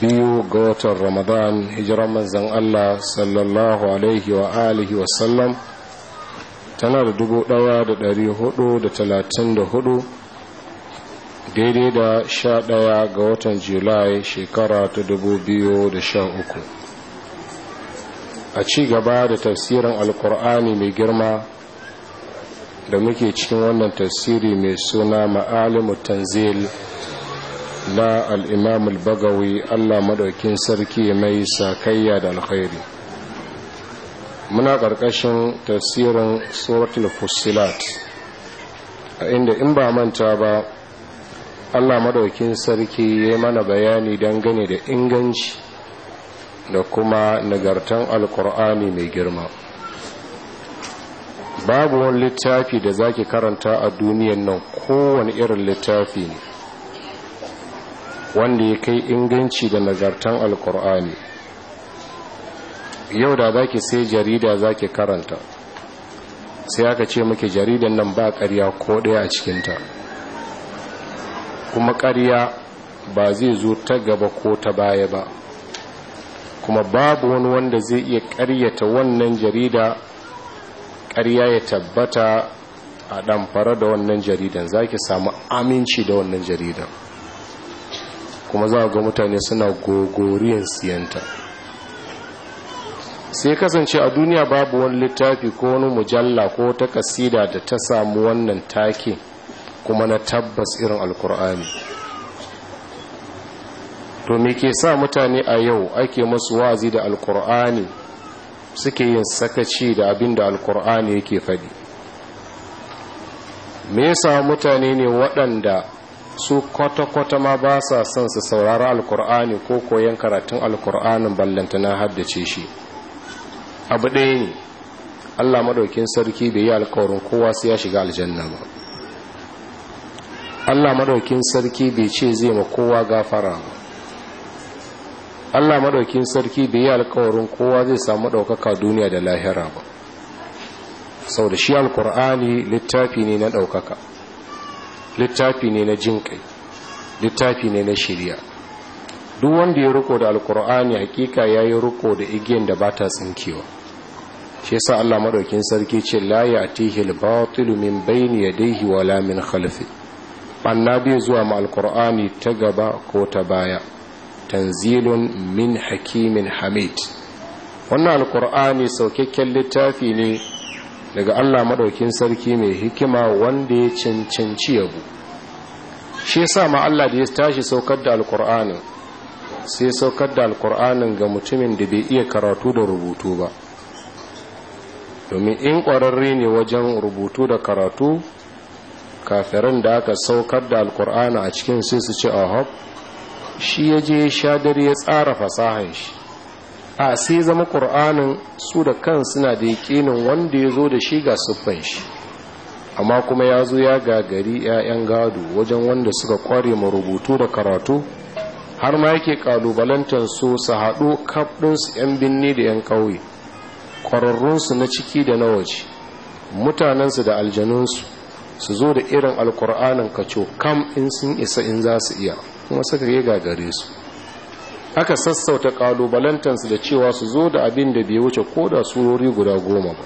biyu ga watan ramadan hijiran manzan Allah sallallahu alaihi wa alihi wasallam tana da dubu ɗaya da dari hudu da talatin da hudu daidai da sha ɗaya ga watan julai shekara ta dubu biyu da sha uku a ci gaba da tafsirin alkur'ani mai girma da muke cikin wannan tafsiri mai suna ma'alimu tanzil na al'imam al-bagawi allah maɗaukin sarki mai sakayya da alkhairi muna ƙarƙashin tasirin suratul fusilat a inda in ba manta ba allah maɗaukin sarki ya mana bayani dangane da inganci da kuma nagartan alƙur'ani mai girma babu wani littafi da zaki karanta a duniyan nan kowane irin littafi ne wanda ya kai inganci da nazartan alkur'ani yau da za ki sai jarida za ki karanta sai aka ce muke jaridan nan ba ƙarya ko ɗaya a cikinta kuma ƙarya ba zai zo ta gaba ko ta baya ba kuma babu wani wanda zai iya ƙaryata wannan jarida ƙarya ya tabbata a ɗamfara da wannan jaridan za ki samu aminci da wannan jaridan kuma za ga mutane suna gogoriyan siyanta sai kasance a duniya babu wani littafi ko wani mujalla ko ta kasida da ta samu wannan take kuma na tabbas irin alkur'ani to me ke sa mutane a yau ake masu wazi da alkur'ani suke yin sakaci da abin da alkur'ani yake faɗi me ya sa mutane ne waɗanda su kwata-kwata ma ba sa son su saurara alkur'ani ko koyon karatun alkur'anin ballanta na haddace shi abu ɗaya ne allah maɗaukin sarki bai yi alkawarin kowa sai ya shiga aljanna ba allah maɗaukin sarki bai ce zai ma kowa gafara ba allah maɗaukin sarki bai yi alkawarin kowa zai samu ɗaukaka duniya da lahira ba sau da shi alkur'ani littafi ne na ɗaukaka littafi ne na jin kai littafi ne na shirya duk wanda ya riko da alkur'ani hakika ya yi riko da igiyan da ba ta tsinkewa shi sa Allah maɗaukin sarki ce la a al-batil min bayni dai wala min khalfi banna bai zuwa ma alkur'ani ta gaba ko ta baya tanzilun min hakimin hamid wannan alkur'ani saukakken littafi ne daga Allah maɗaukin sarki mai hikima wanda ya cancanci yabo shi yasa ma Allah da ya tashi saukar da alkur'anin sai saukar da alkur'anin ga mutumin da bai iya karatu da rubutu ba domin in ƙwararre ne wajen rubutu da karatu kafirin da aka saukar da alkur'ani a cikin sai su ce ahab shi ya je shadar ya tsara fasahan shi a sai zama ƙur'anin su da kan suna da yaƙinin wanda ya zo da shi ga siffan shi amma kuma ya zo ya gagari 'ya'yan gado wajen wanda suka kware ma rubutu da karatu har ma yake ƙalubalantar su su haɗu kaɗinsu 'yan binne da 'yan ƙauye ƙwararrunsu na ciki da na waje mutanensu da aljanunsu su zo da irin alkur'anin kaco kam in sun isa in za su iya kuma suka yi gagare su aka sassauta kalubalantansu da cewa su zo da abin da bai wuce ko da surori guda goma ba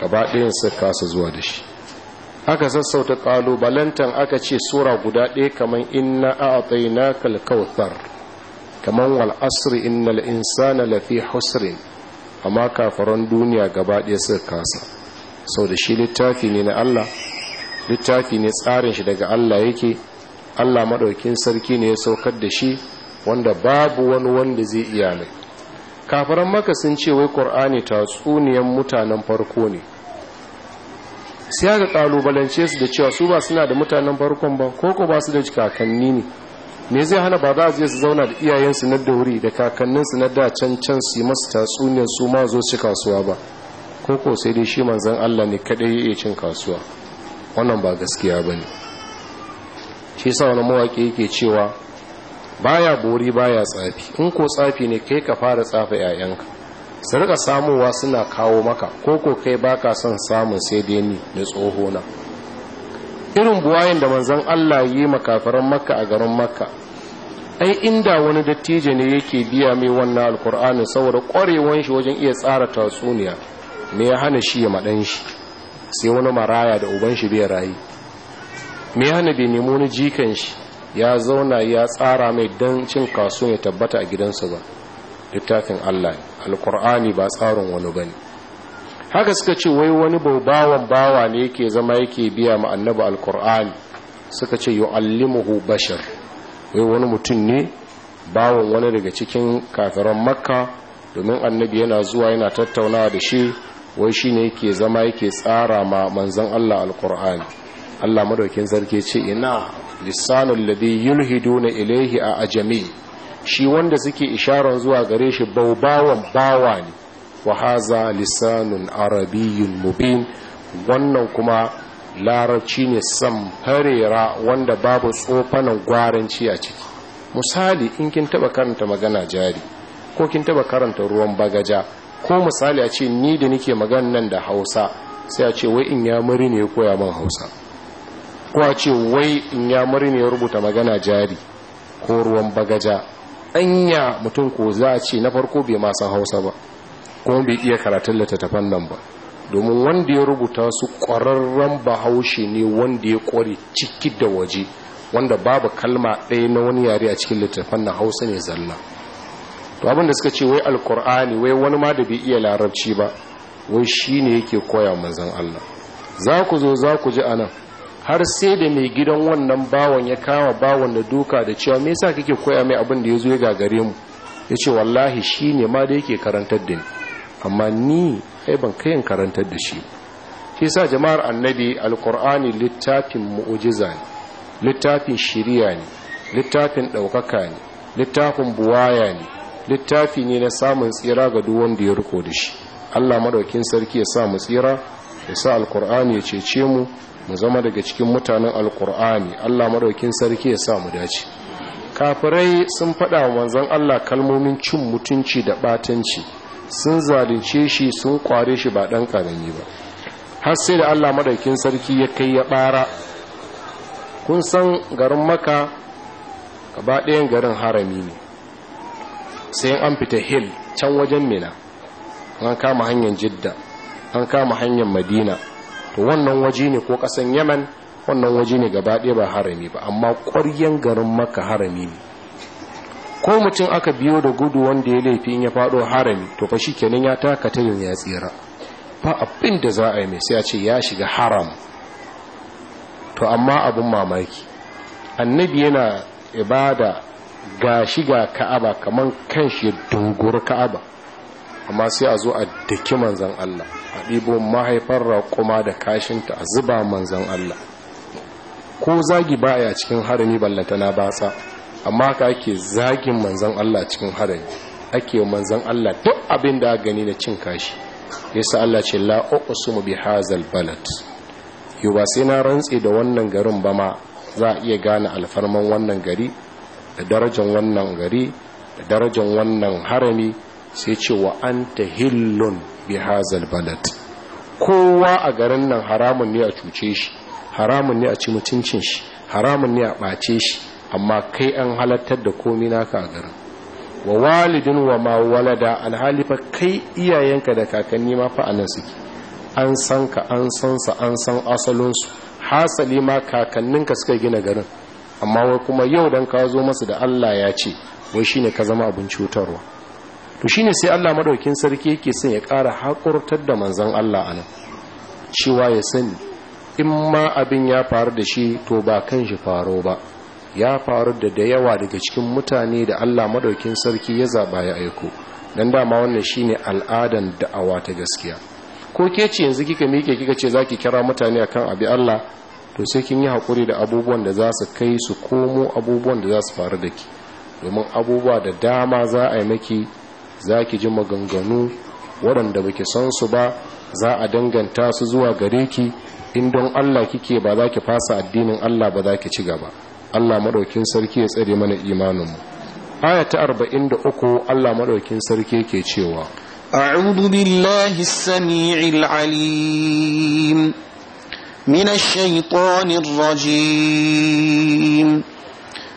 gaba ɗayan su kasa zuwa da shi aka sassauta kalubalantan aka ce sura guda ɗaya kamar inna a na kalkautar kamar wal asri innal insana lafi husrin amma kafaran duniya gaba ɗaya su kasa sau da shi littafi ne na allah littafi ne tsarin shi daga allah yake allah maɗaukin sarki ne ya saukar da shi wanda babu wani wanda zai iya mai kafaran maka sun ce wai ƙur'ani tatsuniyan mutanen farko ne sai aka ƙalubalance su da cewa su ba suna da mutanen farkon ba ko ko ba su da kakanni ne me zai hana ba za su zauna da iyayensu na wuri da kakanninsu na da can su yi masu tatsuniyar su ma zo ci kasuwa ba ko ko sai dai shi manzan Allah ne kadai ya iya cin kasuwa wannan ba gaskiya ba ne shi sa wani mawaƙi yake cewa baya bori baya tsafi in ko tsafi ne kai ka fara tsafa yayanka su rika samowa suna kawo maka ko ko kai baka son samun sai dai ni da tsoho na irin buwayen da manzon Allah yi makafaran makka a garin makka ai inda wani dattijo ne yake biya mai wannan alkur'ani saboda kwarewan shi wajen iya tsara tatsuniya me ya hana shi ya madan shi sai wani maraya da uban shi bai rayu me ya hana bai nemo wani jikan shi ya zauna ya tsara mai don cin kasuwan ya tabbata a gidansa ba littafin Allah alkur'ani ba tsarin wani ba ne haka suka ce wai wani bawan bawa ne yake zama yake biya ma annabi alkur'ani suka ce yu'allimuhu bashar wai wani mutum ne bawan wani daga cikin kafiran makka domin annabi yana zuwa yana tattaunawa da shi wai shine yake zama yake tsara ma manzon Allah alkur'ani Allah madaukin sarki ce ina lisanul ladhi yulhiduna ilayhi a ajami shi wanda suke isharar zuwa gare shi baubawan bawa ne wa haza lisanun arabiyyun mubin wannan kuma larabci ne farera wanda babu tsofanan gwaranci a ciki misali in kin taba karanta magana jari ko kin taba karanta ruwan bagaja ko misali a ce ni da nake magana nan da Hausa sai a ce wai in ya muri ne ya koya min Hausa kuwa ce wai in ya ne ya rubuta magana jari ko ruwan bagaja anya mutum ko za a ce na farko bai masan hausa ba ko bai iya karatun littattafan nan ba domin wanda ya rubuta su ƙwararren bahaushe ne wanda ya ƙware ciki da waje wanda babu kalma ɗaya na wani yare a cikin littattafan na hausa ne zalla to abin da suka ce wai alkur'ani wai wani ma da bai iya larabci ba wai shi ne yake koya manzon allah za ku zo za ku ji anan? har sai da mai gidan wannan bawon ya kama bawon da duka da cewa me yasa kake koya mai abin da ya zo ya gagare mu yace wallahi shi ne ma da yake karantar da ni amma ni ai ban kayan karantar da shi shi sa jama'ar annabi alkur'ani littafin mu'ujiza ne littafin shiriya ne littafin ɗaukaka ne littafin buwaya ne littafi ne na samun tsira ga duk wanda ya riko da shi Allah madaukin sarki ya sa mu tsira ya sa alkur'ani ya cece mu mu zama daga cikin mutanen alkur'ani Allah maɗaukin sarki ya sa mu dace kafirai sun faɗa wa manzon Allah kalmomin cin mutunci da ɓatanci sun zalunce shi sun kware shi ba ɗan ƙarami ba har sai da Allah maɗaukin sarki ya kai ya ɓara kun san garin maka gaba ɗayan garin harami ne sai an fita hill can wajen mina an kama hanyar jidda an kama hanyar madina to wannan waje ne ko kasan yaman wannan waje ne gaba ɗaya ba harami ba amma ƙwaryen garin maka harami ne ko mutum aka biyo da gudu wanda ya laifi in ya faɗo harami to fa kenan ya taka tayin ya tsira ba abin da za a yi mai sai a ce ya shiga haram to amma abin mamaki annabi yana ibada ga shiga ka'aba kaman kanshi dogor ka'aba amma sai a zo a daki manzan Allah a ɗibo mahaifar raƙuma da kashinta a zuba manzan Allah ko zagi baya cikin harami na batsa amma ka ake zagin manzan Allah cikin harami ake manzan Allah duk abin da gani na cin kashi yasa Allah ce la uqsimu bi hazal balad yau ba sai na rantse da wannan garin ba ma za a iya gane alfarman wannan gari da darajar wannan gari da darajar wannan harami sai ce wa anta hillun bi hazal balad kowa a garin nan haramun ne a cuce shi haramun ne a ci mutuncin shi haramun ne a ɓace shi amma kai an halattar da komi naka a garin wa walidin wa ma walada alhali kai iyayenka da kakanni ma fa anan suke an san ka an san sa an san asalinsu hasali ma kakanninka suka gina garin amma wai kuma yau dan ka zo masu da Allah ya ce wai shine ka zama abin cutarwa to shine sai Allah madaukin sarki yake son ya ƙara haƙurtar da manzon Allah anan cewa ya sani in ma abin ya faru da shi to ba kan shi faro ba ya faru da da yawa daga cikin mutane da Allah madaukin sarki ya zaba ya aiko dan dama wannan shine al'adan da'awa ta gaskiya ko ke ce yanzu kika mike kika ce zaki kira mutane akan abi Allah to sai kin yi hakuri da abubuwan da za su kai su komo abubuwan da za su faru da ki domin abubuwa da dama za a yi maki za ki ji maganganu waɗanda ba ki san su ba za a danganta su zuwa gare ki in don Allah kike ba za ki fasa addinin Allah ba za ki ci gaba Allah maɗaukin sarki ya tsare mana imaninmu Ayata arba'in da uku Allah maɗaukin sarki ke cewa أعوذ بالله السميع العليم من الشيطان الرجيم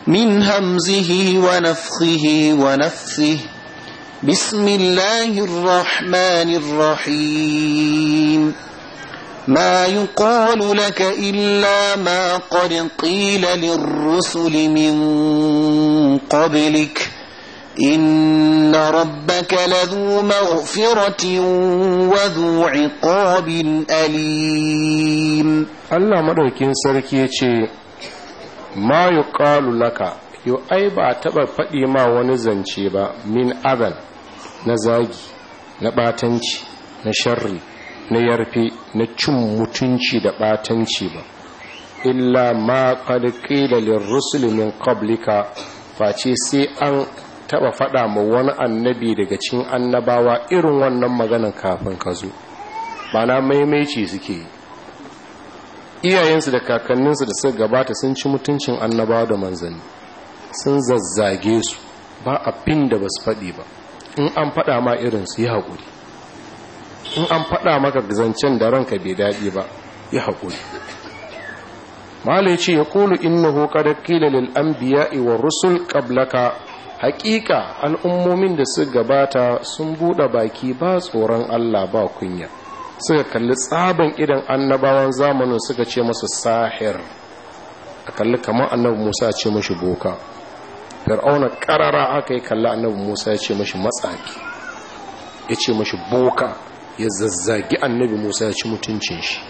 من همزه ونفخه بسم الله الرحمن الرحيم ما يقال لك إلا ما قد قيل للرسل من قبلك إن ربك لذو مغفرة وذو عقاب أليم الله مدوكين سركي ما يقال لك yau ai ba a taɓa faɗi ma wani zance ba min agal na zagi na ɓatanci na sharri na yarfe na cin mutunci da ɓatanci ba illa ma ƙarƙi da lirrusuli min ƙablika face sai an taɓa faɗa ma wani annabi daga cikin annabawa irin wannan maganar kafin ka zo ba na maimaici suke yi iyayensu da kakanninsu da suka gabata sun ci mutuncin annabawa da manzanni sun zazzage su ba abin da ba su faɗi ba in an faɗa ma irin su yi haƙuri in an faɗa maka zancen da ranka bai daɗi ba yi haƙuri malai ce ya ƙulu innahu kada kila lil biya iwa rusul ƙablaka haƙiƙa al'ummomin da su gabata sun buɗe baki ba tsoron Allah ba kunya suka kalli tsaban idan annabawan zamanin suka ce masa sahir a kalli kamar annabu Musa ce mashi boka fir'auna karara aka yi kalla annabi musa ya ce mashi matsaki ya ce mashi boka ya zazzagi annabi musa ya ci mutuncin shi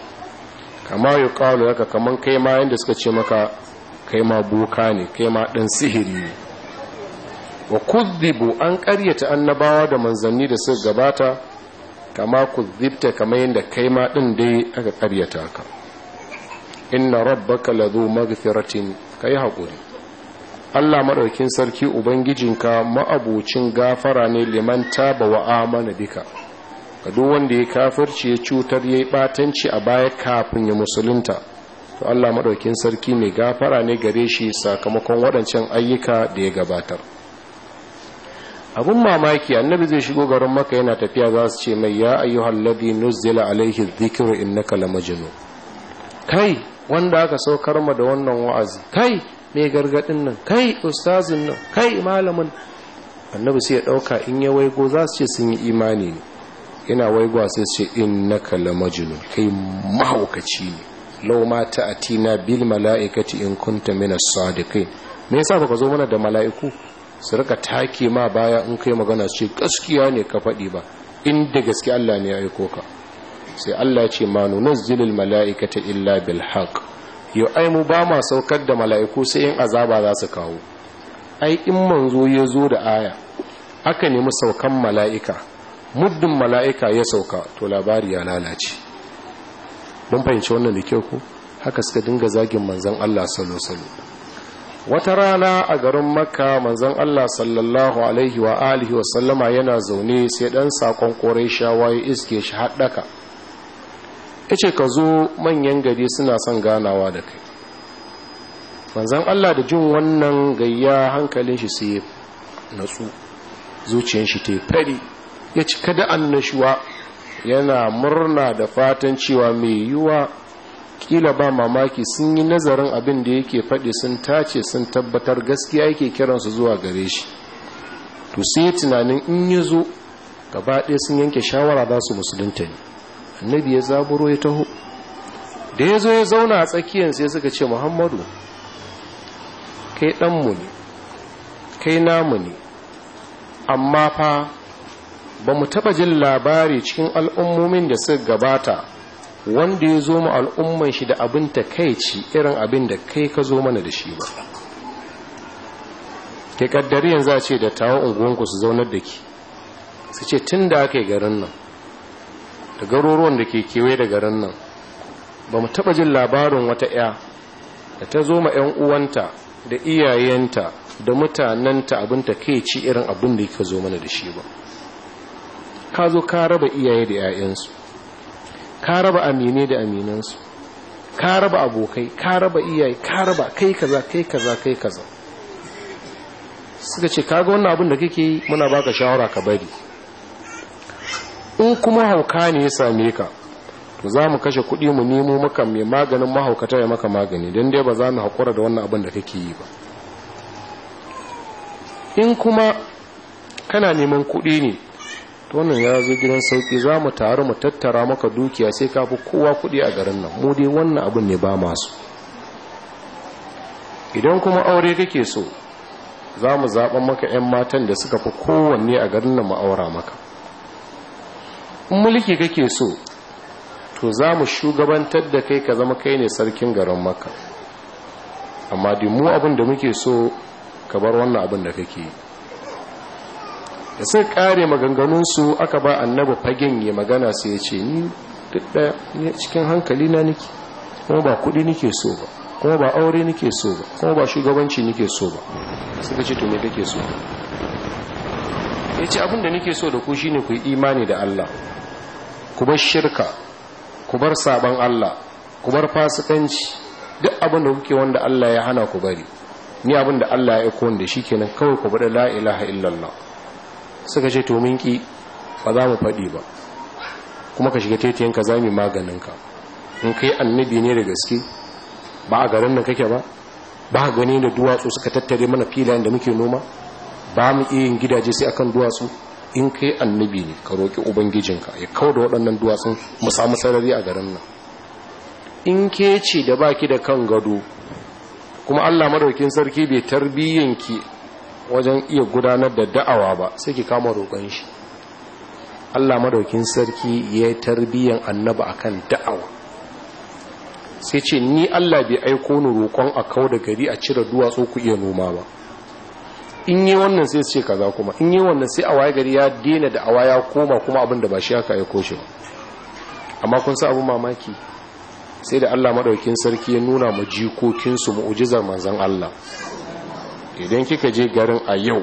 kama yi kawo haka kaman kai ma yadda suka ce maka kai ma boka ne kai ma ɗan sihiri ne wa kuzzibu an karyata annabawa da manzanni da suka gabata kama kuzzibta kamar yadda kai ma ɗin dai aka karyata ka inna rabbaka lazu ka kai haƙuri Allah maɗaukin sarki ubangijinka ma'abucin gafara ne liman taba wa amana bika ga duk wanda ya kafirci ya cutar ya yi ɓatanci a baya kafin ya musulunta to Allah maɗaukin sarki mai gafara ne gare shi sakamakon waɗancan ayyuka da ya gabatar Abin mamaki annabi zai shigo garin maka yana tafiya za su ce mai ya ayyuhal ladhi nuzila alaihi dhikru innaka lamajnun kai wanda aka saukar ma da wannan wa'azi kai mai gargadin nan kai ustazin nan kai malamin annabi sai ya dauka in ya waigo za su ce sun yi imani ne yana waigo sai su ce innaka lamajnun kai mahaukaci ne law ma ta'atina bil mala'ikati in kunta minas sadiqin me yasa baka zo mana da mala'iku su rika take ma baya in kai magana su ce gaskiya ne ka faɗi ba inda gaskiya Allah ne ya aiko ka sai Allah ya ce ma nunazzilul mala'ikata illa bil yau ai mu ba ma saukar da mala'iku sai in azaba za su kawo ai in manzo ya zo da aya aka nemi saukan mala'ika muddin mala'ika ya sauka to labari ya lalace mun fahimci wannan da kyau ko haka suka dinga zagin manzon Allah sallallahu alaihi wata rana a garin makka manzon Allah sallallahu alaihi wa alihi wa sallama yana zaune sai dan sakon ƙorai shawa ya iske shi haddaka yace ce ka zo manyan gari suna son ganawa da kai manzan Allah da jin wannan gayya hankalin shi sai natsu zuciyar shi ta fari ya ci kada annashuwa yana murna da fatan cewa mai yiwuwa kila ba mamaki sun yi nazarin abin da yake faɗi sun tace sun tabbatar gaskiya yake kiransu zuwa gare shi to sai tunanin in yi zo gaba ɗaya sun yanke shawara za su musulunta ne annabi ya zaburo ya taho da ya zo ya zauna a tsakiyar sai suka ce muhammadu kai ɗanmu ne kai namu ne amma fa ba mu taɓa jin labari cikin al'ummomin da suka gabata wanda ya zo ma al'umman shi da abin ta kai ci irin abin da kai ka zo mana da shi ba ta ƙaddari yanzu a ce da tawo unguwanku su zaunar da ki su ce tun da aka yi garin nan da garuruwan da ke kewaye da garin nan ba mu taɓa jin labarin wata 'ya da ta zo ma 'yan uwanta da iyayenta da mutanenta abin ta ke ci irin abin da ka zo mana da shi ba ka zo ka raba iyaye da 'ya'yansu ka raba amine da aminansu ka raba abokai ka raba iyaye ka raba kai kaza kai kaza kai kaza suka ce kaga wannan abin da kake yi muna baka shawara ka bari in kuma hauka ne ya same ka to za mu kashe kuɗi mu nemo maka mai maganin mahaukata ya maka magani don dai ba za mu haƙura da wannan abin da kake yi ba in kuma kana neman kuɗi ne to wannan ya zo gidan sauƙi za mu taru mu tattara maka dukiya sai ka fi kowa kuɗi a garin nan mu dai wannan abin ne ba masu idan kuma aure kake so za mu zaɓa maka 'yan matan da suka fi kowanne a garin nan mu aura maka mulki kake so to za mu shugabantar da kai ka zama kai ne sarkin garin maka amma mu abin da muke so ka bar wannan abin da kake yi da sai kare maganganunsu aka ba annabi fagen ya magana sai ya ce ni duk daya cikin hankali na niki kuma ba kudi nike so ba kuma ba aure nike so ba kuma ba shugabanci nike so ba suka ce to me kake so ya ce abin da nike so da ku shine ku yi imani da Allah ku bar shirka ku bar saban Allah ku bar fasikanci duk abin da kuke wanda Allah ya hana ku bari ni abin da Allah ya aiko wanda shikenan kawai ku bada la ilaha illallah suka ce to mun ki ba za mu faɗi ba kuma ka shiga tetiyan ka zami maganin ka in kai annabi ne da gaske ba a garin nan kake ba ba gani da duwatsu suka tattare mana filayen da muke noma ba mu iya yin gidaje sai akan duwatsu in kai annabi ne ka roƙi ubangijinka ya kawo da waɗannan duwatsun mu samu sarari a garin nan in ke ce da baki da kan gado kuma Allah maɗaukin sarki bai tarbiyyanki wajen iya gudanar da da'awa ba sai ki kama roƙon shi Allah maɗaukin sarki ya tarbiyyan annaba akan da'awa sai ce ni Allah bai aiko ni roƙon a kawo da gari a cire duwatsu ku iya noma ba in yi wannan sai ce kaza kuma in yi wannan sai a waye gari ya daina da awa ya koma kuma abin da ba shi aka aiko shi ba amma kun sa abin mamaki sai da Allah madaukin sarki ya nuna mu jikokinsu mu'ujizar manzon Allah idan kika je garin a yau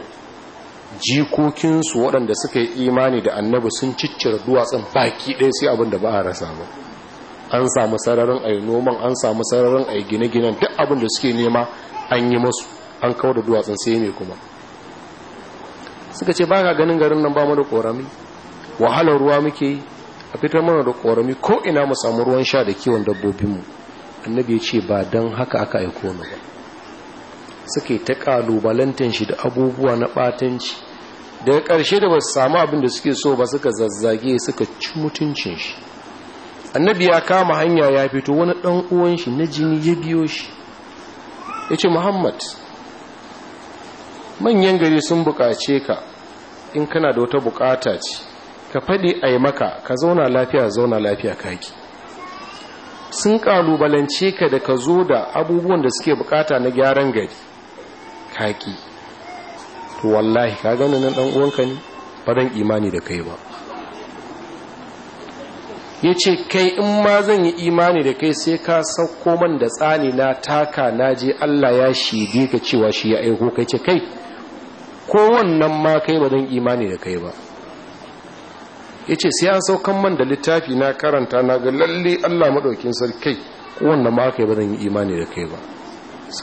jikokinsu waɗanda suka yi imani da annabi sun ciccire duwatsun baki ɗaya sai abin da ba a rasa ba an samu sararin a noman an samu sararin a gine-ginen duk abin da suke nema an yi masu an kawo da duwatsun sai mai kuma suka ce ba ka ganin garin nan ba mu da korami wahalar ruwa muke yi a fitar mana da korami ko ina mu samu ruwan sha da kiwon dabbobinmu annabi ya ce ba dan haka aka aiko ni ba suke ta kalubalantar shi da abubuwa na batanci daga karshe da ba su samu abin da suke so ba suka zazzage suka ci mutuncin shi annabi ya kama hanya ya fito wani dan uwan shi na jini ya biyo shi ya ce muhammad manyan gari sun buƙace ka in kana da wata buƙata ce ka faɗi a yi maka ka zauna lafiya zauna lafiya kaki sun ƙalubalance ka da ka zo da abubuwan da suke buƙata na gyaran gari kaki to wallahi ka gani nan ɗan uwanka ne faɗin imani da kai ba ya ce kai in ma zan yi imani da kai sai ka sauko man da tsani na taka na je allah ya shige ka cewa shi ya aiko kai ce kai ko wannan ma kai ba zan imani da kai ba ya ce sai an saukan man da littafi na karanta na ga lalle allah maɗaukin sarkai wannan ma kai ba zan yi imani da kai ba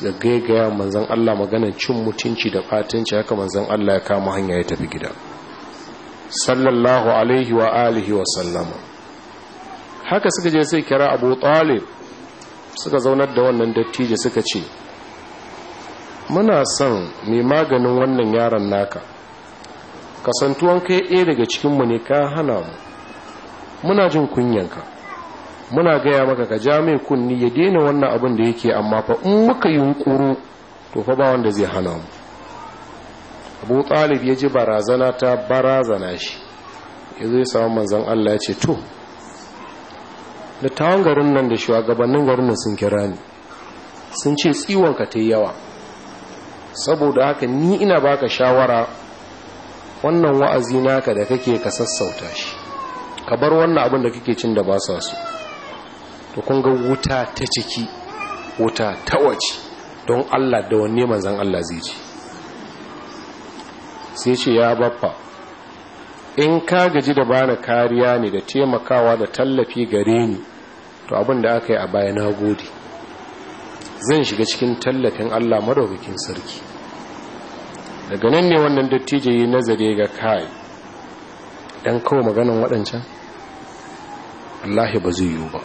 ga gaigaya manzan allah maganan cin mutunci da fatanci haka manzan allah ya kama hanya ya tafi gida sallallahu alaihi wa alihi wa sallama haka suka je sai kira abu talib suka zaunar da wannan dattijo suka ce muna son mai maganin wannan yaron naka kasantuwan kai ɗaya daga cikinmu ne ka hana mu muna jin kunyanka muna gaya maka ka ja mai kunni ya daina wannan abin da yake amma fa in muka yi hunkuru to fa ba wanda zai hana mu abu talib ya ji barazana ta barazana shi ya zai samu manzan allah ya ce to da tawon garin nan da shugabannin garin nan sun kira ni sun ce tsiwonka ta yawa saboda haka ni ina baka shawara wannan wa'azi naka da kake ka sassauta shi ka bar wannan abin da kake cin da ba sa su to kun ga wuta ta ciki wuta ta waje don Allah da wanne manzon Allah zai ci sai ce ya baffa in ka gaji da bani kariya ne da taimakawa da tallafi gare ni to abin da aka yi a baya na gode zan shiga cikin tallafin Allah madaukakin sarki daga nan ne wannan dattijo yi nazari ga kai dan kawo maganan waɗancan Allah ba zai yiwu ba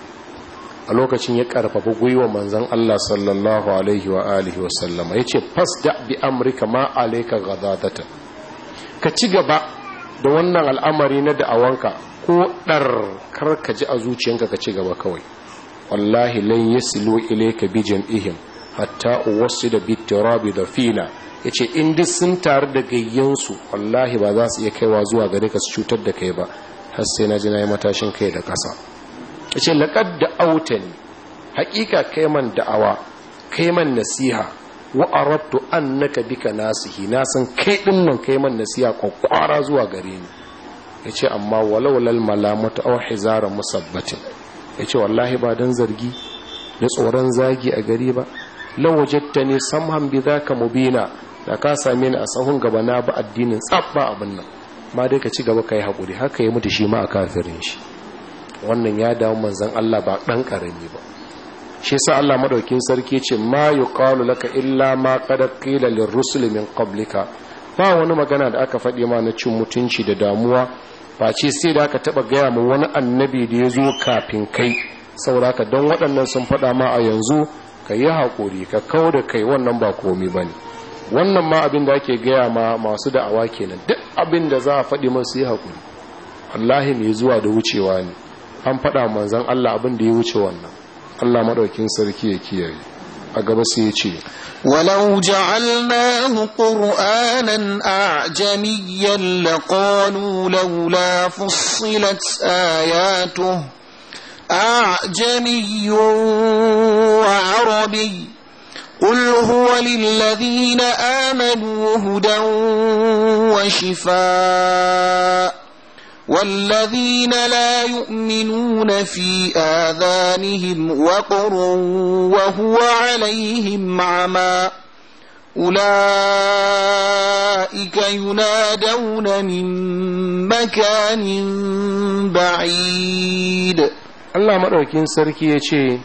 a lokacin ya karfafa gwiwa manzon Allah sallallahu alaihi wa alihi wa sallama yace fasda bi amrika ma alayka ghadadata ka ci gaba da wannan al'amari na da'awanka ko dar ka ji a zuciyanka ka ci gaba kawai wallahi lan yasilu ilayka bi jam'ihim hatta uwassida bi turabi dafina yace in duk sun taru da gayyansu wallahi ba za su iya kaiwa zuwa gare ka su cutar da kai ba har sai na ji na yi matashin kai da ƙasa yace laqad da autani haƙiƙa kai man da'awa kai man nasiha wa aradtu annaka bika nasihi na san kai din nan kai man nasiha kwakwara zuwa gare ni yace amma walau lal malamatu aw musabbatin ya ce wallahi ba don zargi da tsoron zagi a gari ba lawajatta ne samhan bi za ka mubina da ka same ni a sahun gaba na ba addinin tsab ba abin nan ma dai ka ci gaba ka yi haƙuri haka ya mutu shi ma a kafirin shi wannan ya dawo manzan Allah ba ɗan ƙarami ba shi sa Allah madaukin sarki ce ma yuqalu laka illa ma kada qila lirrusul min ba wani magana da aka faɗi ma na cin mutunci da damuwa face sai da aka taba gaya mu wani annabi da ya zo kafin kai sauraka ka don waɗannan sun faɗa ma a yanzu ka yi haƙuri ka kawo da kai wannan ba komi ba ne wannan ma abin da ake gaya ma masu da'awa kenan duk abin da za a faɗi man su yi haƙuri allahi mai zuwa da wucewa ne an faɗa manzan allah abin da ya wuce wannan allah maɗaukin sarki ya kiyaye a ولو جعلناه قرآنا أعجميا لقالوا لولا فصلت آياته أعجمي وعربي قل هو للذين آمنوا هدى وشفاء والذين لا يؤمنون في آذانهم وقر وهو عليهم عمى أولئك ينادون من مكان بعيد Allah maɗaukin sarki ya ce,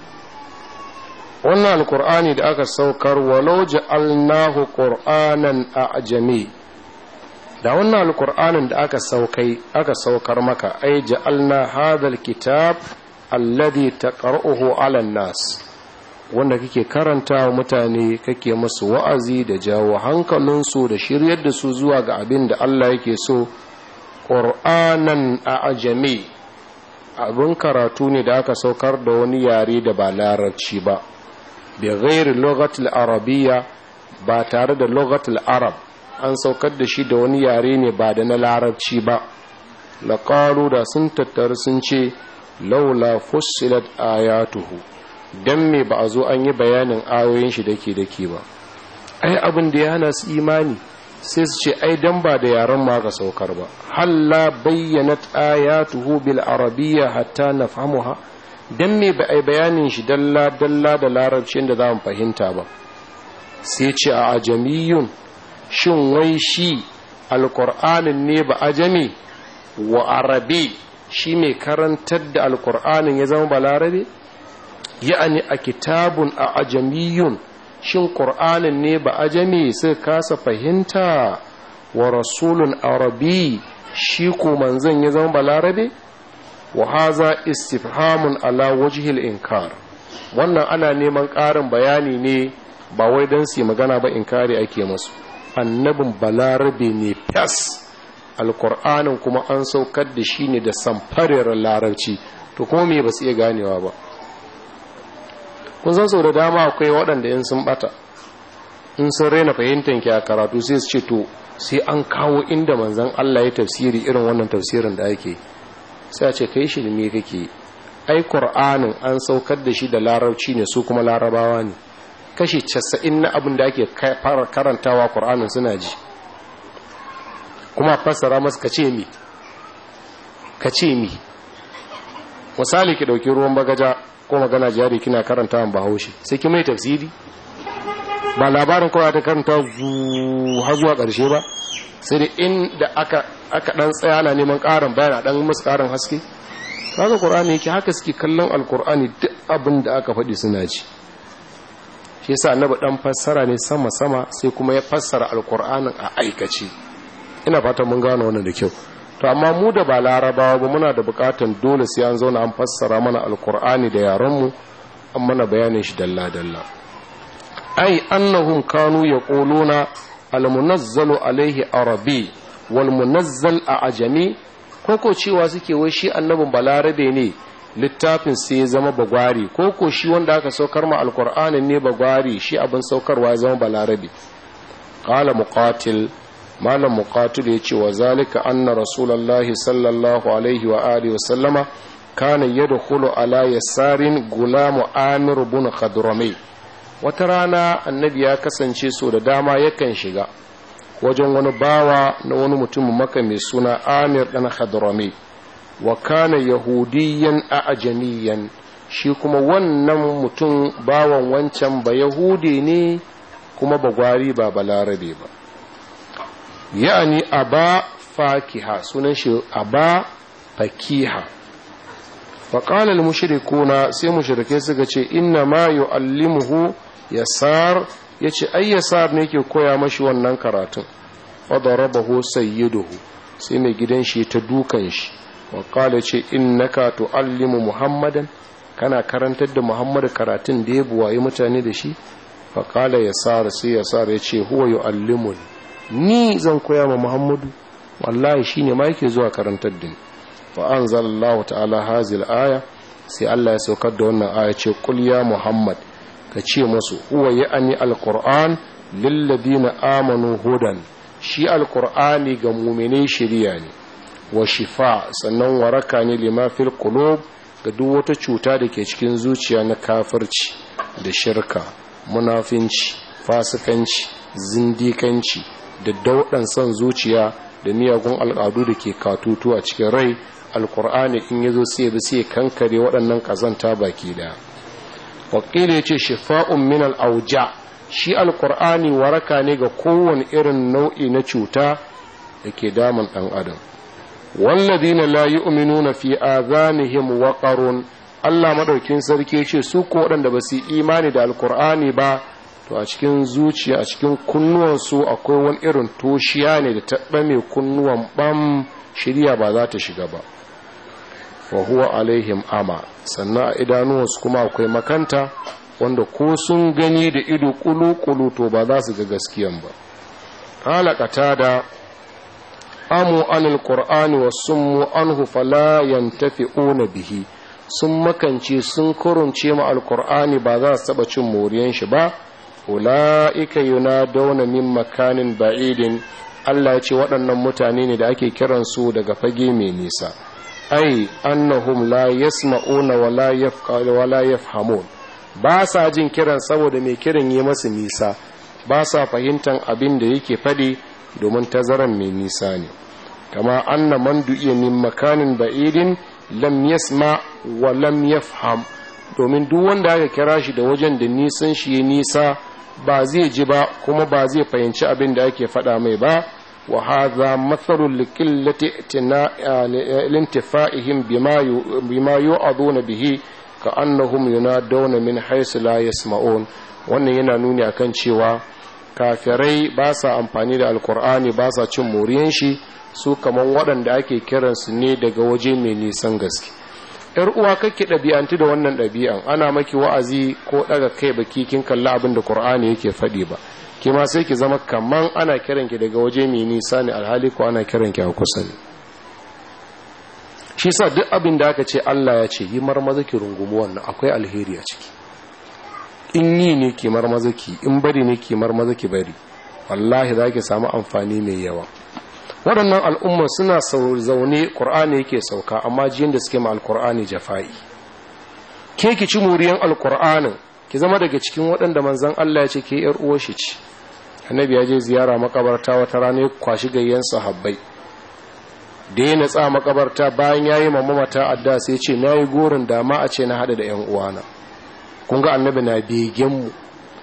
Wannan alƙur'ani da aka saukar walau ja'alnahu ƙur'anan a ajami. da wannan alkur'anin da aka saukai aka saukar maka ai ja'alna hadhal kitab alladhi taqra'uhu 'alan nas wanda kake karanta wa mutane kake musu wa'azi da jawo hankalinsu da shiryar da su zuwa ga abin da Allah yake so qur'anan a'jami abin karatu ne da aka saukar da wani yare da ba larabci ba bi ghairi lughatil arabiyya ba tare da lughatil arab an saukar da shi da wani yare ne ba da na larabci ba laƙaru da sun tattar sun ce laula fussilat ayatuhu don me ba a zo an yi bayanin ayoyin shi dake dake ba ai abin da ya hana imani sai su ce ai dan ba da yaren ma ga saukar ba halla bayyanat tuhu bil arabiyya hatta nafhamuha dan me ba ai bayanin shi dalla dalla da larabcin da za mu fahimta ba sai ce a ajamiyun shin wai shi alƙur'anin ne ba ajami wa arabi shi mai karantar da alƙur'anin ya zama balarabe ya'ani a kitabun a ajamiyun shin ƙur'anin ne ba ajami suka kasa fahimta wa rasulun arabi shi ko manzon ya zama balarabe wa haza istifhamun ala wajhil inkar wannan ana neman ƙarin bayani ne ba wai don su magana ba inkari ake musu annabin balarabe ne fas alkur'anin kuma an saukar da shi ne da samfarar larabci to kuma me ba su iya ganewa ba kun san sau da dama akwai waɗanda in sun bata in sun raina fahimtar ki a karatu sai su ce to sai an kawo inda manzan Allah ya tafsiri irin wannan tafsirin da ake sai a ce kai shi ne kake ai kur'anin an saukar da shi da larabci ne su kuma larabawa ne kashi casa'in na abin da ake fara karantawa ƙur'anin suna ji kuma fassara masu kace mi kace mi misali ki ɗauki ruwan bagaja ko magana jari kina karanta ba bahaushe sai ki mai tafsiri ba labarin kowa ta karanta har zuwa ƙarshe ba sai da inda aka aka dan tsaya na neman ƙarin a dan musu ƙarin haske kaga ƙurani yake haka suke kallon Alƙur'ani duk abin da aka faɗi suna ji shi sa annabi dan fassara ne sama sama sai kuma ya fassara alqur'anin a aikace ina fata mun gano wannan da kyau to amma mu da ba larabawa ba muna da bukatan dole sai an zauna an fassara mana alqur'ani da yaron mu an mana bayanin shi dalla dalla ai annahum kanu yaquluna almunazzalu alaihi arabi walmunazzal a ajami koko cewa suke wai shi annabin balarabe ne littafin sai ya zama bagwari ko ko shi wanda aka saukar ma alkur'anin ne bagwari shi abin saukarwa ya zama balarabi qala muqatil malam muqatil ya ce wa zalika anna rasulullahi sallallahu alaihi wa alihi wa sallama kana yadkhulu ala yasarin gulam amir bun khadrami wata rana annabi ya kasance so da dama yakan shiga wajen wani bawa na wani mutum maka mai suna amir dan khadrami wa kana yahudiyan a ajamiyan shi kuma wannan mutum bawan wancan ba yahudi ne kuma ba gwari ba balarabe ba ya'ani aba fakiha sunan shi aba fakiha faƙalar mushrikuna sai mushrike suka ce inna ma yu'allimuhu yasar yace ai yasar ne yake koya mashi wannan karatun wa darabahu sayyiduhu sai mai gidan shi ta dukan shi wa qala ce innaka allimu muhammadan kana karantar da muhammadu karatun da ya buwaye mutane da shi fa ya tsara sai tsara ya ce huwa yuallimuni ni zan koya ma muhammadu wallahi ne ma yake zuwa karantar da ni wa anzalallahu ta'ala hazil aya sai Allah ya saukar da wannan aya ce qul ya muhammad ka ce musu huwa alkur'an alquran lilladina amanu hudan shi alkur'ani ga muminai shiriya ne wa shifa sannan waraka ne lima fil qulub ga duk wata cuta da ke cikin zuciya na kafirci da shirka munafinci fasikanci zindikanci da daudan son zuciya da miyagun al'adu da ke katutu a cikin rai alkur'ani in ya zo sai bi sai kankare waɗannan ƙazanta baki da wakili ya ce shifa'un min al'auja shi alkur'ani waraka ne ga kowane irin nau'i na cuta da ke damun ɗan adam walladina la yu'minuna fi azanihim waqarun Allah madaukin sarki ce su ko waɗanda ba su imani da alkur'ani ba to a cikin zuciya a cikin kunnuwansu akwai wani irin toshiya ne da ta mai kunnuwan ɓam shirya ba za ta shiga ba wa huwa alaihim ama sannan a su kuma akwai makanta wanda ko sun gani da ido kulu-kulu to ba za su ga gaskiyan ba halakata da amu anil qur'ani wa summu anhu fala yantafi'una bihi sun makance sun kurunce ma alqur'ani ba za su taba cin moriyan shi ba ulaika yunadawna min makanin ba'idin Allah ya ce waɗannan mutane ne da ake kiran su daga fage mai nisa ai annahum la yasma'una wala yafqalu la yafhamun ba sa jin kiran saboda mai kiran yi masu nisa ba sa fahimtan abin da yake faɗi domin tazaran mai nisa ne kama anna man du'iya min makanin ba'idin lam yasma wa lam yafham domin duk wanda aka kira shi da wajen da nisan shi ya nisa ba zai ji ba kuma ba zai fahimci abin da ake faɗa mai ba wa hadha mathalul likillati lintifa'ihim bima bima yu'aduna bihi ka annahum dauna min haythu la yasma'un wannan yana nuni akan cewa kafirai ba sa amfani da alkur'ani ba sa cin moriyan shi su kamar waɗanda ake kiransu ne daga waje mai nisan gaske yar uwa kake ɗabi'antu da wannan ɗabi'an ana maki wa'azi ko ɗaga kai baki kin kalli abin da qur'ani yake faɗi ba ki ma sai ki zama kaman ana kiranki daga waje mai nisa ne alhali ko ana kiranki a kusa ne shi sa duk abin da aka ce Allah ya ce yi marmaza ki rungumi wannan akwai alheri a ciki in yi ne ke marmaza ki in bari ne kimar marmaza ki bari wallahi za ki samu amfani mai yawa waɗannan al'umma suna zaune ƙur'ani yake sauka amma jiyan da suke ma alƙur'ani jafa'i ke ki ci muriyan alƙur'anin ki zama daga cikin waɗanda manzan Allah ya ce ke ‘yar uwa shi ci annabi ya je ziyara makabarta wata rana ya kwashi gayyan sahabbai da ya natsa makabarta bayan ya yi mamamata adda sai ce na yi gorin dama a ce na haɗa da ‘yan uwana’ Kunga annabi na mu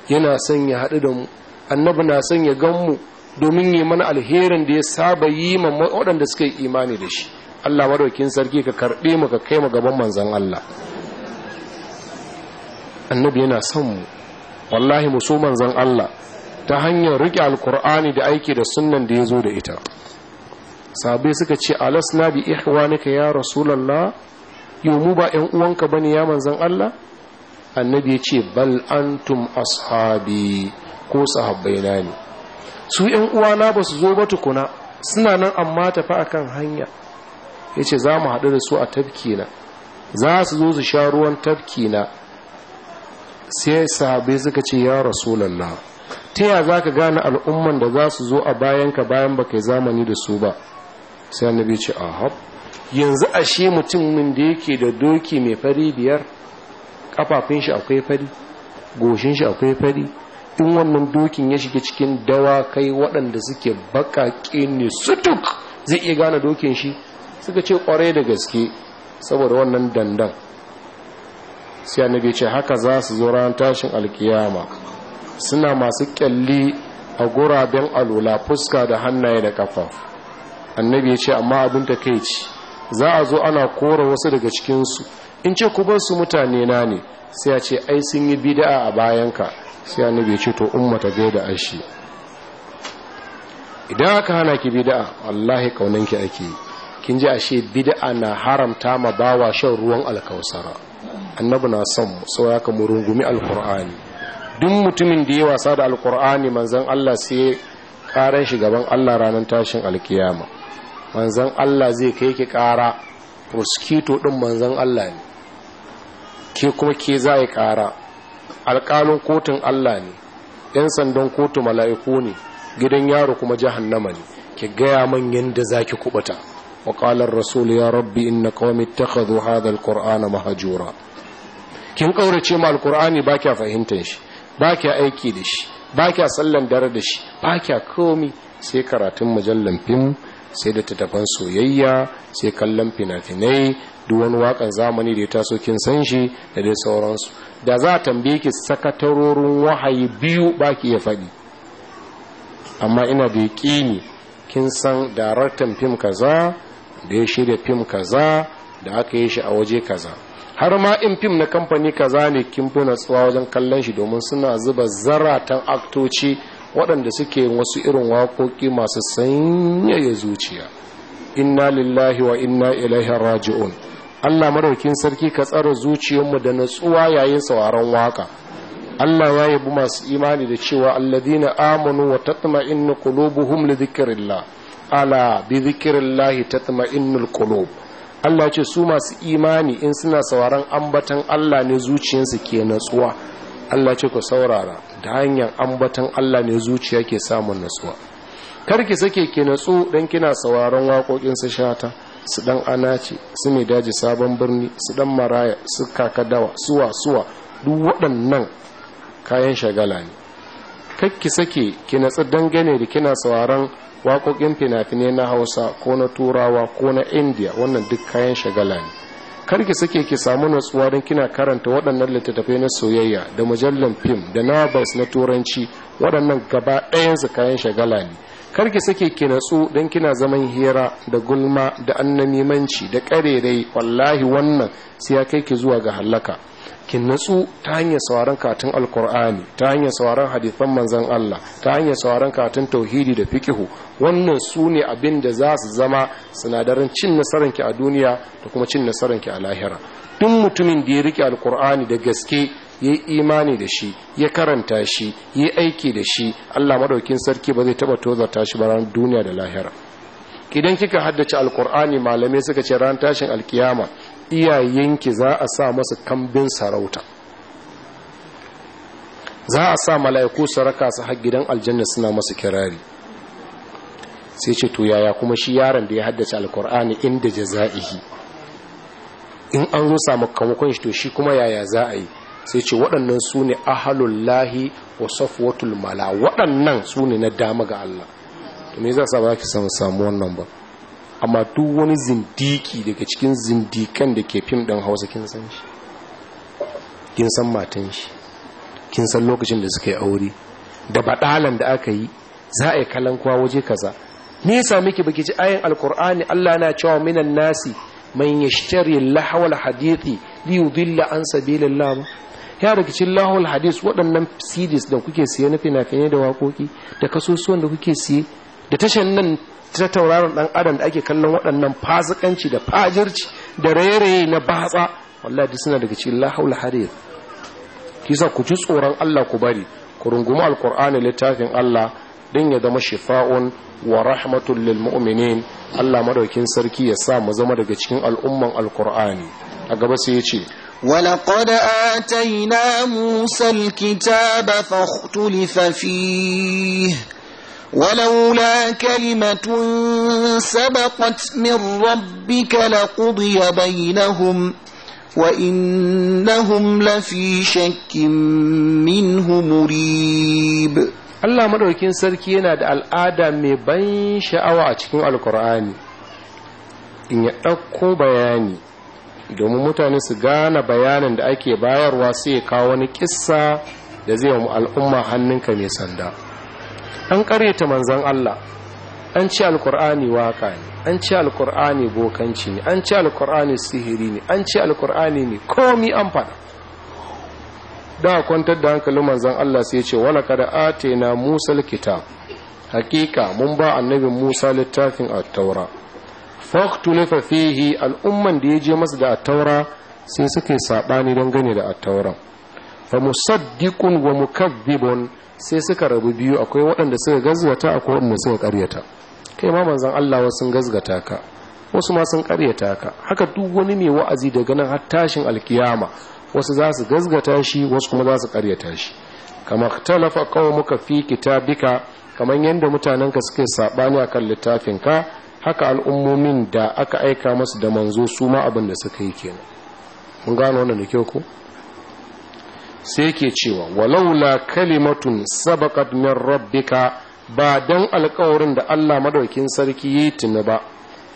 yana son ya haɗu da mu annabi na son ya gan mu domin yi mana alherin da ya saba yi ma waɗanda suka yi imani da shi Allah madaukin sarki ka karɓe mu ka kai mu gaban manzon Allah annabi yana son mu wallahi mu so manzon Allah ta hanyar rike alkur'ani da aiki da sunnan da ya zo da ita sabai suka ce alasna bi ihwanika ya rasulullah yau mu ba 'yan uwanka bane ya manzon Allah annabi ya ce bal tum ashabi ko na ne su yan uwana ba su zo ba tukuna suna nan amma tafi akan hanya ya ce za mu haɗu da su a tafkina za su zo su sha ruwan na sai sahabai suka ce ya rasulallah ta ya za ka gane al'umman da za su zo a bayanka bayan ba kai zamani da su ba sai annabi ce ahab yanzu ashe mutumin da yake da doki mai fari biyar kafafun shi akwai fari goshin shi akwai fari in wannan dokin ya shiga cikin dawakai waɗanda suke baƙaƙe ne sutuk zai iya gane dokin shi suka ce ƙwarai da gaske saboda wannan dandan sai annabi ce haka za su zo ran tashin alkiyama suna masu kyalli a guraben alula fuska da hannaye da kafa annabi ya ce amma abin takaici za a zo ana kora wasu daga cikinsu in ce ku su mutane na ne sai ya ce ai sun yi bida'a a bayanka sai ya ya ce to ummata da ashi idan aka hana ki bida'a, wallahi kaunanki ake yi kin ji ashe bida'a na haramta ma bawa shan ruwan alkausara annabi na son mu ya mu rungumi alkur'ani duk mutumin da ya wasa da alkur'ani manzon Allah sai karan shi gaban Allah ranar tashin alkiyama manzan Allah zai kai ki kara prosecutor din manzon Allah ne ke kuma ke za a yi kara alkalin kotun allah ne 'yan sandan kotu mala'iku ne gidan yaro kuma jahannama ne ki gaya man yadda za ki kubuta wa ƙalar rasul ya rabbi in inna qawmi ittakhadhu hadha alqur'ana mahajura. kin kaurace ma alkur'ani ba kya fahimtar shi ba kya aiki da shi ba kya sallan dare da shi ba kya komi sai karatun mujallan fim sai da tattafan soyayya sai kallon fina-finai duk wani wakan zamani da ya taso kin san shi da dai sauransu da za a tambaye ki sakatarorin wahayi biyu baki ya iya faɗi amma ina da yaƙini kin san daraktan fim kaza da ya shirya fim kaza da aka yi shi a waje kaza har ma in fim na kamfani kaza ne kin fi natsuwa wajen kallon shi domin suna zuba zaratan aktoci waɗanda suke wasu irin waƙoƙi masu sanyaya zuciya inna lillahi wa inna ilaihi raji'un Allah madaukin sarki ka tsara zuciyarmu da natsuwa yayin sauraron waka Allah ya yabi masu imani da cewa alladhina amanu wa tatma'innu qulubuhum li dhikrillah ala bi dhikrillah tatma'innul qulub Allah ce su masu imani in suna sauraron ambatan Allah ne zuciyarsu ke natsuwa Allah ce ku saurara da hanyar ambatan Allah ne zuciya ke samun natsuwa karki sake ki natsu don kina sauraron wakokin su shata su dan anace su mai daji sabon birni su dan maraya su kakadawa suwa suwa duk waɗannan kayan shagala ne kakki sake ki natsu dangane da kina sauraron waƙoƙin finafinai na hausa ko na turawa ko na indiya wannan duk kayan shagala ne karki sake ki samu natsuwa don kina karanta waɗannan littattafai na soyayya da mujallan fim da nabas na turanci waɗannan gaba su kayan shagala ne karki sake ki natsu don kina zaman hira da gulma da annamimanci da karerai wallahi wannan sai ya kai ki zuwa ga hallaka ki natsu ta hanyar sauraron katun alkur'ani ta hanyar sauraron hadithan manzon Allah ta hanyar sauraron katun tauhidi da fikihu wannan su ne abin da za su zama sinadarin cin nasarar ki a duniya da kuma cin nasarar ki a lahira duk mutumin da ya rike alkur'ani da gaske ya yi imani da shi ya karanta shi ya yi aiki da shi allah maɗaukin sarki ba zai taba tozarta shi ba ran duniya da lahira idan kika haddace alkur'ani malamai suka ce ran tashin alkiyama iyayenki za a sa masu kambin sarauta za a sa mala'iku saraka raka su har gidan aljanna suna masu kirari sai ce to yaya kuma shi yaron da ya haddace alkur'ani inda jaza'ihi in an zo samu kamakon shi to shi kuma yaya za a yi sai ce waɗannan su ne ahalullahi wa safuwatul mala waɗannan su ne na dama ga Allah to me za sa ba ki samu samu wannan ba amma duk wani zindiki daga cikin zindikan da ke fim ɗin hausa kin san shi kin san matan shi kin san lokacin da suka yi aure da baɗalan da aka yi za a yi kalankuwa waje kaza me yasa miki baki ji ayin alkur'ani Allah na cewa minan nasi man yashtari lahawal hadithi li yudilla an sabilillah ba ya daga cikin lahul hadis waɗannan cds da kuke siye na fina-finai da waƙoƙi da kasusuwan da kuke siye da tashan nan ta tauraron ɗan adam da ake kallon waɗannan fasikanci da fajirci da raye-raye na batsa wallahi duk suna daga cikin lahul hadis kisa ku ci tsoron Allah ku bari ku rungumi alkur'ani littafin Allah don ya zama shifa'un wa rahmatul lil mu'minin Allah madaukin sarki ya sa mu zama daga cikin al'umman alkur'ani a gaba sai ya ce ولقد آتينا موسى الكتاب فاختلف فيه ولولا كلمة سبقت من ربك لقضي بينهم وإنهم لفي شك منه مريب Allah madaukin sarki yana da al'ada mai ban sha'awa a cikin alkur'ani in ya ɗauko bayani domin mutane su gane bayanin da ake bayarwa sai ya kawo wani kissa da zai wa al'umma hannunka mai sanda an karyata manzan Allah an ce alkur'ani waka ne an ce alkur'ani bokanci ne an ce alkur'ani sihiri ne an ce alkur'ani ne komi an faɗa da kwantar da hankalin manzan Allah sai ce wala kada ate na musal kitab hakika mun ba annabin musa littafin a taura faktulifa fihi al'umman da ya je masu da attaura sai suka saɓani don gane da attauran fa musaddiqun wa mukazzibun sai suka rabu biyu akwai waɗanda suka gazgata akwai waɗanda suka ƙaryata kai ma manzon Allah wasu gazgata ka wasu ma sun ƙaryata ka haka duk wani ne wa'azi daga nan har tashin alkiyama wasu za su gazgata shi wasu kuma za su ƙaryata shi kama talafa muka fi kitabika kamar yadda ka suke saɓani akan ka. haka al'ummomin da aka aika masu da manzo su ma abin da suka yi kenan mun gano wannan da kyau ko sai ke cewa walaula kalimatun sabaqat min rabbika ba dan alƙawarin da Allah madaukin sarki yi tuni ba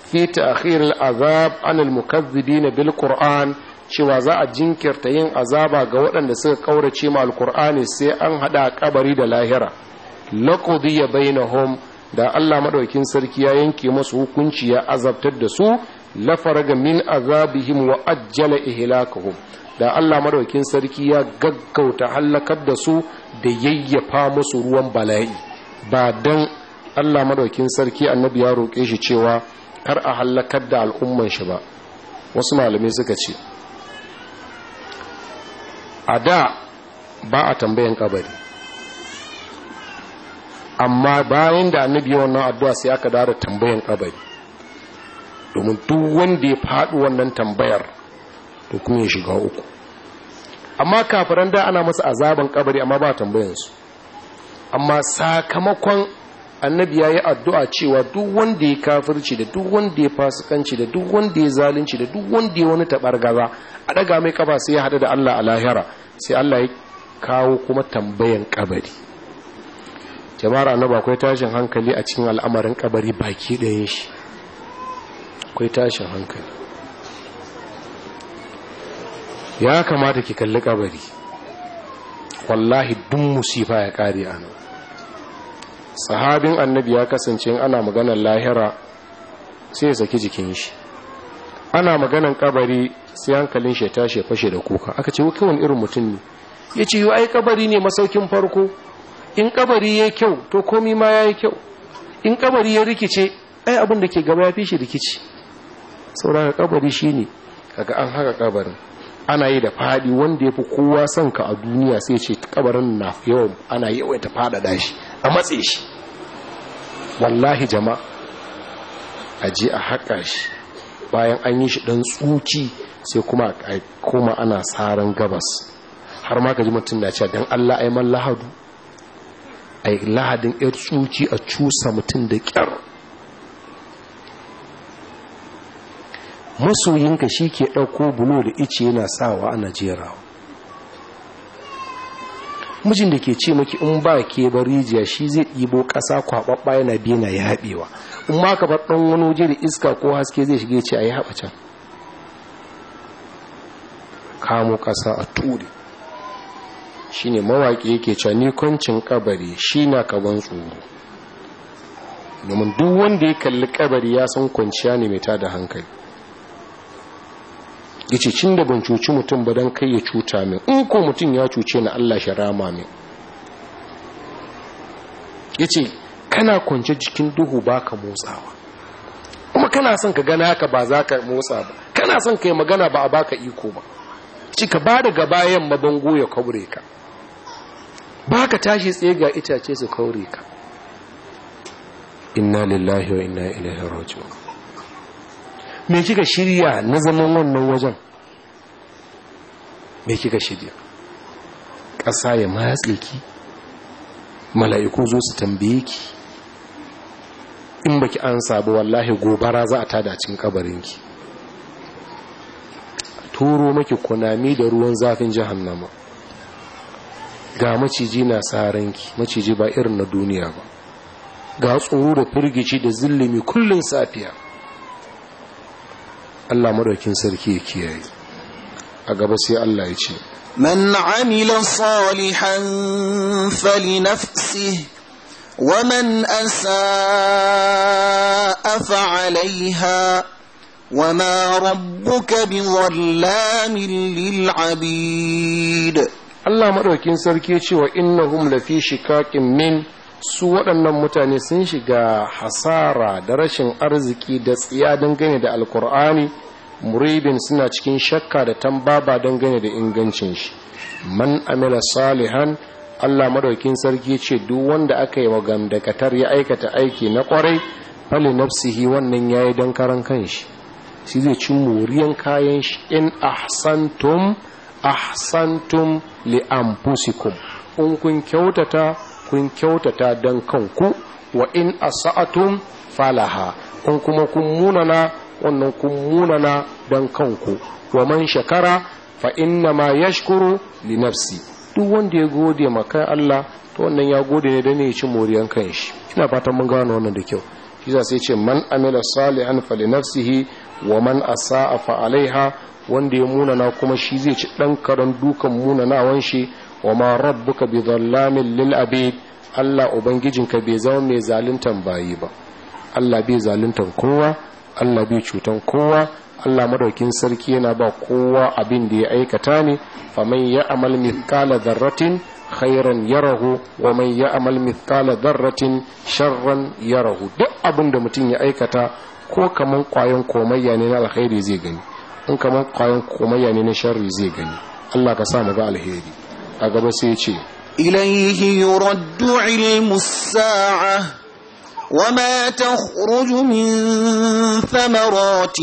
fi ta'khir al'azab 'an al-mukaththibin bil qur'an cewa za a jinkirta yin azaba ga waɗanda suka kaurace ma al-qur'ani sai an hada kabari da lahira laqudiya bainahum da Allah madaukin sarki ya yanke masu hukunci ya azabtar da su faraga min azabihim wa ajjala ihlakahum da Allah madaukin sarki ya gaggauta halakar da su da yayyafa musu ruwan bala'i ba dan Allah madaukin sarki annabi ya roƙe shi cewa kar a halakar da al'umman shi ba wasu malamai suka ce a da ba a tambayan kabari amma bayan da annabi wannan addu'a sai aka dara tambayan kabari domin duk wanda ya faɗi wannan tambayar to kuma ya shiga uku amma kafiran da ana masa azaban kabari amma ba tambayansu amma sakamakon annabi ya yi addu'a cewa duk wanda ya kafirci da duk wanda ya fasikanci da duk wanda ya zalunci da duk wanda ya wani tabar gaza a ɗaga mai kaba sai ya haɗu da Allah a lahira sai Allah ya kawo kuma tambayan kabari jama'ar annaba akwai tashin hankali a cikin al'amarin kabari baki yin shi akwai tashin hankali ya kamata ki kalli kabari wallahi dun musifa ya kare ana sahabin annabi ya kasance ana maganar lahira sai ya saki jikin shi ana maganar kabari sai hankalin shi ya tashi ya fashe da kuka aka ce wani irin mutum ne ya ce yi ai kabari ne masaukin farko in kabari ya kyau to komi ma ya yi kyau in kabari ya rikice ai abin da ke gaba ya fi shi rikici Sa'ura kabari shi ne kaga an haka kabarin ana yi da fadi wanda ya fi kowa son ka a duniya sai ce kabarin na yawan ana ta faɗaɗa shi a matse shi wallahi jama'a a je a haƙa shi bayan an yi shi dan tsuki sai kuma a koma ana tsarin gabas har ma ka ji mutum na cewa don allah ai man lahadu a lahadin yar tsuki a cusa mutum da kyar masoyinka shi ke ɗauko bulo da ice yana sawa ana jerawa mijin da ke ce maki in ba ke ba rijiya shi zai ɗibo ƙasa kwaɓaɓɓa yana biyu na ya haɓewa in ma ka bar ɗan wani waje da iska ko haske zai shige ce a yi haɓa can kamo ƙasa a ture shine mawaki yake cewa ni kwancin kabari shi na kaban tsoro domin duk wanda ya kalli kabari ya san kwanciya ne mai tada hankali yace cin da ban cuci mutum ba dan kai ya cuta min in ko mutum ya cuce ni Allah shi rama min yace kana kwance cikin duhu baka motsawa kuma kana son ka gana haka ba za ka motsa ba kana son ka yi magana ba a baka iko ba cika ba daga bayan mabango ya kaure ka ba ka tashi tsaye ga itace su kauri ka inna lillahi wa inna ilaihi raji'un me kika shirya na zaman wannan wajen me kika shirya ƙasa ya matsa ki mala'iku zo su tambaye ki in baki an sabu wallahi gobara za a tada cin kabarinki turo maki kunami da ruwan zafin jahannama ga maciji na tsaranki maciji ba irin na duniya ba ga tsoro da firgici da zillimi kullum safiya Allah madaukin sarki ya kiyaye a gaba sai Allah ya ce man amila salihan fali alaiha wa أساء فعليها bi wallamin lil للعبيد Allah maɗaukin sarki cewa innahum lafi kaƙin min su waɗannan mutane sun shiga hasara da rashin arziki da tsiya dangane da alkur'ani muribin suna cikin shakka da tambaba dangane da ingancin shi man amila salihan Allah maɗaukin sarki ce duk wanda aka yi wa gamdakatar ya aikata aiki na ƙwarai fali nafsihi wannan yayi dan karan kanshi shi zai ci muriyan kayan shi in ahsantum ahsantum li anfusikum in kun kyautata kun kyautata dan kanku wa in asa'atum falaha in kuma kun munana wannan kun munana dan kanku wa man shakara fa inna ma yashkuru li nafsi duk wanda ya gode maka Allah to wannan ya gode ne dan ya ci moriyan kanshi ina fatan mun gano wannan da kyau kisa sai ce man amila salihan fa li nafsihi wa man asa'a fa alaiha wanda ya munana kuma shi zai ci ɗan karan dukan munanawan shi wa ma rabbuka bi dhallamin lil abid Allah ubangijinka bai zama mai zaluntan bayi ba Allah bai zaluntan kowa Allah bai cutan kowa Allah madaukin sarki yana ba kowa abin da ya aikata ne faman ya amal mithqala dharratin khairan yarahu wa man ya amal mithqala dharratin sharran yarahu duk abin da mutum ya aikata ko kaman kwayon komayya ne na alkhairi zai gani in kamar kwayan komayya ne na sharri zai gani Allah ka sa mu ga alheri a gaba sai ya ce ilaihi yuraddu ilmu sa'a وما تخرج من ثمرات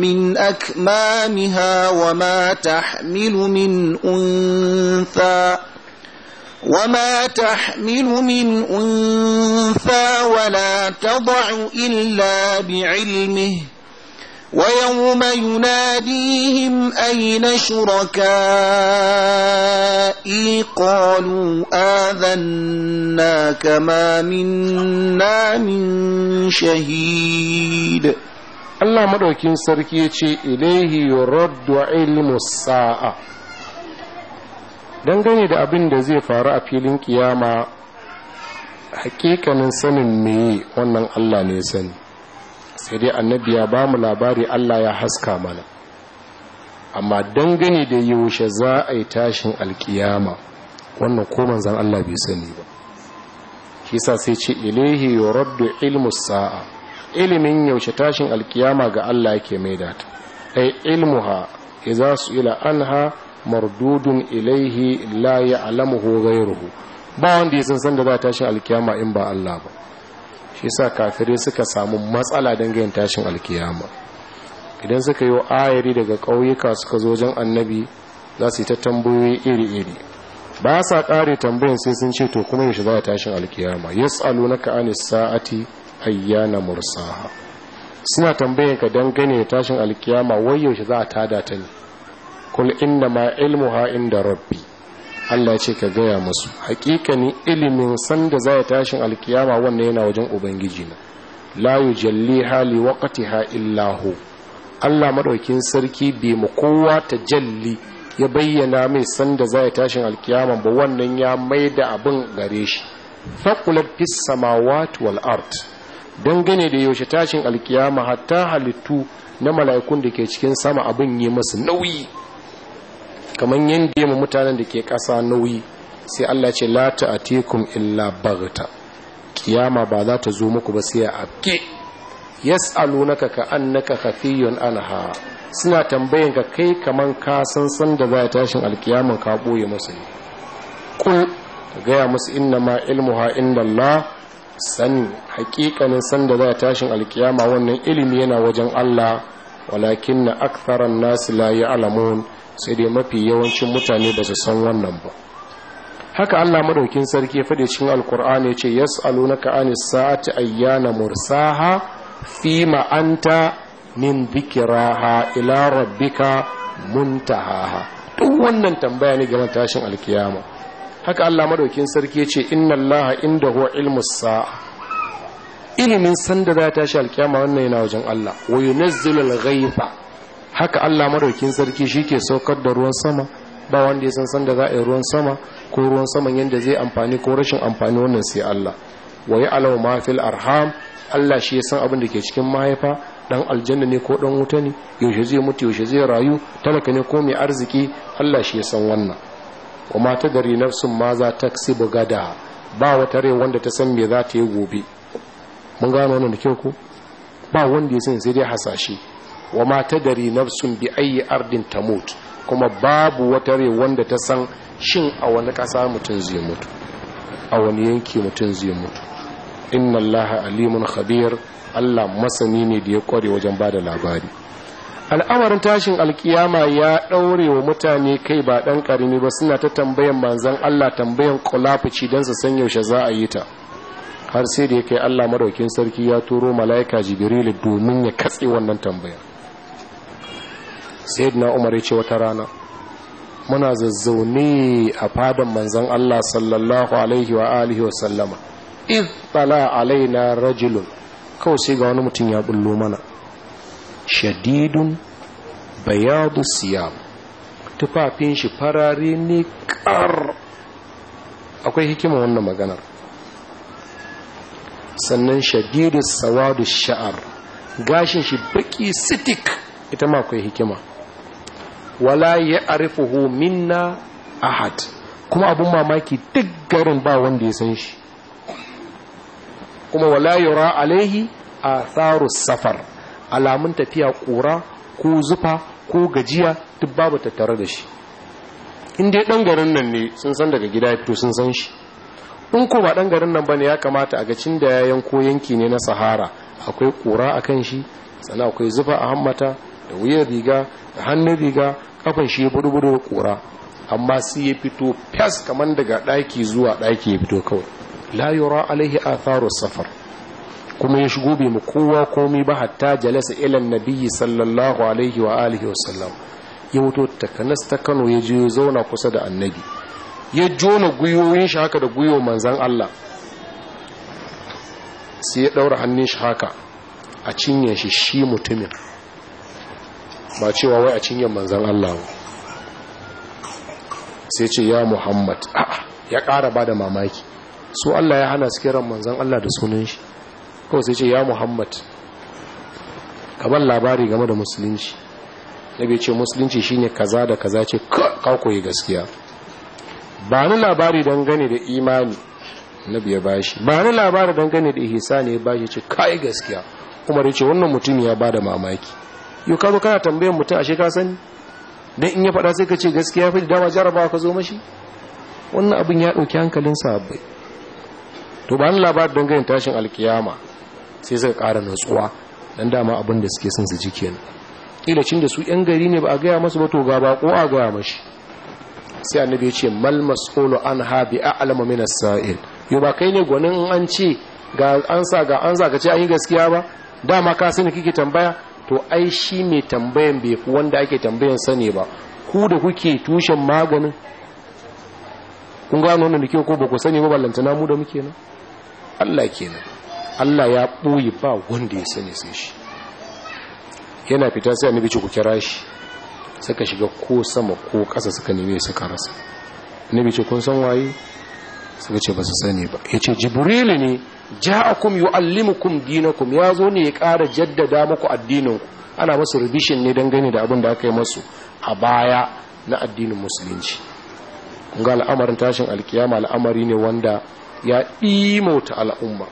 من أكمامها وما تحمل من أنثى وما تحمل من أنثى ولا تضع إلا بعلمه ويوم يناديهم أين شركائي قالوا آذنا كما منا من شهيد Allah madaukin sarki ya ce ilaihi yuraddu ilmu sa'a dangane da abin da zai faru a filin kiyama hakikanin sanin meye wannan Allah ne ya sani sai dai annabi ya ba mu labari Allah ya haska mana amma dangane da yaushe za a yi tashin alkiyama wannan koman zan Allah bai sani ba kisa sai ce ilahi yuraddu ilmu sa'a ilimin yaushe tashin alkiyama ga Allah yake mai data ai ilmuha su su'ila anha mardudun ilaihi la ya'lamuhu ghayruhu ba wanda ya san san da za tashin alkiyama in ba Allah ba shi sa kafirai suka samu matsala dangane tashin alkiyama idan suka yi ayari daga ƙauyuka suka zo wajen annabi za su yi ta tambayoyi iri-iri ba sa ƙare tambayin sai sun ce to kuma yaushe za a tashin alkiyama tsalo naka ka'ani sa'ati ayyana mursaha suna tambayin ka dangane da tashin alkiyama wai yaushe za a tada ta ne kul inna ma ilmuha inda rabbi Allah ce ka gaya musu hakikani ilimin sanda za ya tashin alkiyama wannan yana wajen ubangiji na la jalli hali wakati illa hu Allah maɗaukin sarki bai mu kowa ta jalli ya bayyana mai sanda za ya tashin alkiyama ba wannan ya maida abin gare shi faqulat fis samawati wal ard dangane da yaushe tashin alkiyama hatta halittu na mala'ikun da ke cikin sama abin yi masu nauyi kamar yadda yamma mutanen da ke ƙasa nauyi sai Allah ce la tekun illa baghta kiyama ba za ta zo muku ba sai a abke yas'alunaka ka annaka khafiyun anha suna tambayan ka kai kamar ka san san da za tashin alkiyaman ka boye musu ne kul gaya musu inna ma ilmuha la sani hakikanin san da za tashin alkiyama wannan ilimi yana wajen Allah walakin na aktharan nasu la ya'lamun sai dai mafi yawancin mutane ba su san wannan ba haka Allah madaukin sarki ya cikin alkur'ani ce yas'alunaka anis sa'ati ayyana mursaha fima anta min dhikraha ila rabbika muntahaha duk wannan tambaya ne game tashin alkiyama haka Allah madaukin sarki ya ce inna Allaha huwa ilmus sa'a ilimin sanda za ta tashi alkiyama wannan yana wajen Allah wa yunazzilul ghaiba haka Allah madaukin sarki shi ke saukar da ruwan sama ba wanda ya san san da za a yi ruwan sama ko ruwan saman yadda zai amfani ko rashin amfani wannan sai Allah wa ya alamu ma arham Allah shi ya san abin da ke cikin mahaifa dan aljanna ne ko dan wuta ne yaushe zai mutu yaushe zai rayu talaka ne ko mai arziki Allah shi ya san wannan wa ma ta na nafsun ma za ta kasibu gada ba wata rai wanda ta san me za ta yi gobe mun gano wannan da kyau ko ba wanda ya san sai dai hasashe wa ma tadari nafsun bi ayi ardin tamut kuma babu wata rai wanda ta san shin a wani ƙasa mutum zai mutu a wani yanki mutum zai mutu inna Allah alimun khabir Allah masani ne da ya kware wajen bada labari al'amarin tashin alkiyama ya ɗaure wa mutane kai ba ɗan ƙarami ba suna ta tambayan manzan Allah tambayan kulafici don su san yaushe za a yi ta har sai da ya kai Allah madaukin sarki ya turo mala'ika jibril domin ya katse wannan tambayar na umar ya ce wata rana muna zazzaune a fadan manzon Allah sallallahu alaihi wa alihi wa sallama id tala alaina rajulun kawai sai ga wani mutum ya bullo mana shadidun bayadu siyam tufafin shi farare ne kar akwai hikima wannan maganar sannan shadidu sawadu sha'ar gashin shi baki sitik ita ma akwai hikima wala ya arifuhu minna ahad kuma abun mamaki duk garin ba wanda ya san shi kuma wala yura alaihi atharus safar alamun tafiya kura ko zufa ko gajiya duk babu tattare da shi inda ya garin nan ne sun san daga gida ya fito sun san shi in ko ba ɗan garin nan bane ya kamata a ga cin da yayan ko yanki ne na sahara akwai kura kan shi sannan akwai zufa a hammata da wuyan riga da hannun riga kafan shi budu-budu da kura amma sai ya fito fes kamar daga ɗaki zuwa ɗaki ya fito kawai la yura alaihi atharu safar kuma ya shigo bai mu kowa komai ba hatta jalasa ilan nabiyyi sallallahu alaihi wa alihi wa sallam ya wuto takanas ta Kano ya je zauna kusa da annabi ya jona guyoyin shi haka da guyo manzan Allah sai ya daura hannun shi haka a cinye shi shi mutumin ba cewa wai a cinye manzan Allah sai ce ya Muhammad ya ƙara ba da mamaki su Allah ya hana su kiran manzan Allah da sunan shi kawai sai ce ya Muhammad kaban labari game da musulunci nabi ce musulunci shine kaza da kaza ce kakoyi gaskiya ba ni labari dangane da imani na biya bashi ba ni labari dangane da ihsani ne bashi ce kai gaskiya kuma ya ce wannan mutum ya bada mamaki yau ka zo kana tambayin mutum ashe ka sani don in ya faɗa sai ka ce gaskiya fi dama jaraba ka zo mashi wannan abin ya ɗauki hankalin sahabbai to ba ni labarin don ganin tashin alkiyama sai zai ƙara nutsuwa don dama abin da suke son su ji kenan ilacin da su yan gari ne ba a gaya masu ba to ga bako a gaya mashi sai annabi ya ce mal mas'ulu an ha bi a'lamu min as-sa'il yo ba kai ne gwanin an ce ga an sa ga an za ce an yi gaskiya ba dama ka sani kike tambaya to ai shi mai tambayan bai fi wanda ake tambayan sani ba ku da kuke tushen maganin kun gano wannan da ko ba ku sani ba ballantana mu da muke nan Allah kenan Allah ya ɓoye ba wanda ya sani sai shi yana fita sai annabi ci ku kira shi saka shiga ko sama ko ƙasa suka neme suka rasa annabi ce kun san waye suka ce ba su sani ba ya ce jibrilu ne ja'akum yu'allimukum dinakum ya zo ne ya ƙara jaddada muku addininku ana masu rubishin ne dangane da abin da aka yi masu a baya na addinin musulunci kunga al'amarin tashin alkiyama al'amari ne wanda ya imauta al'umma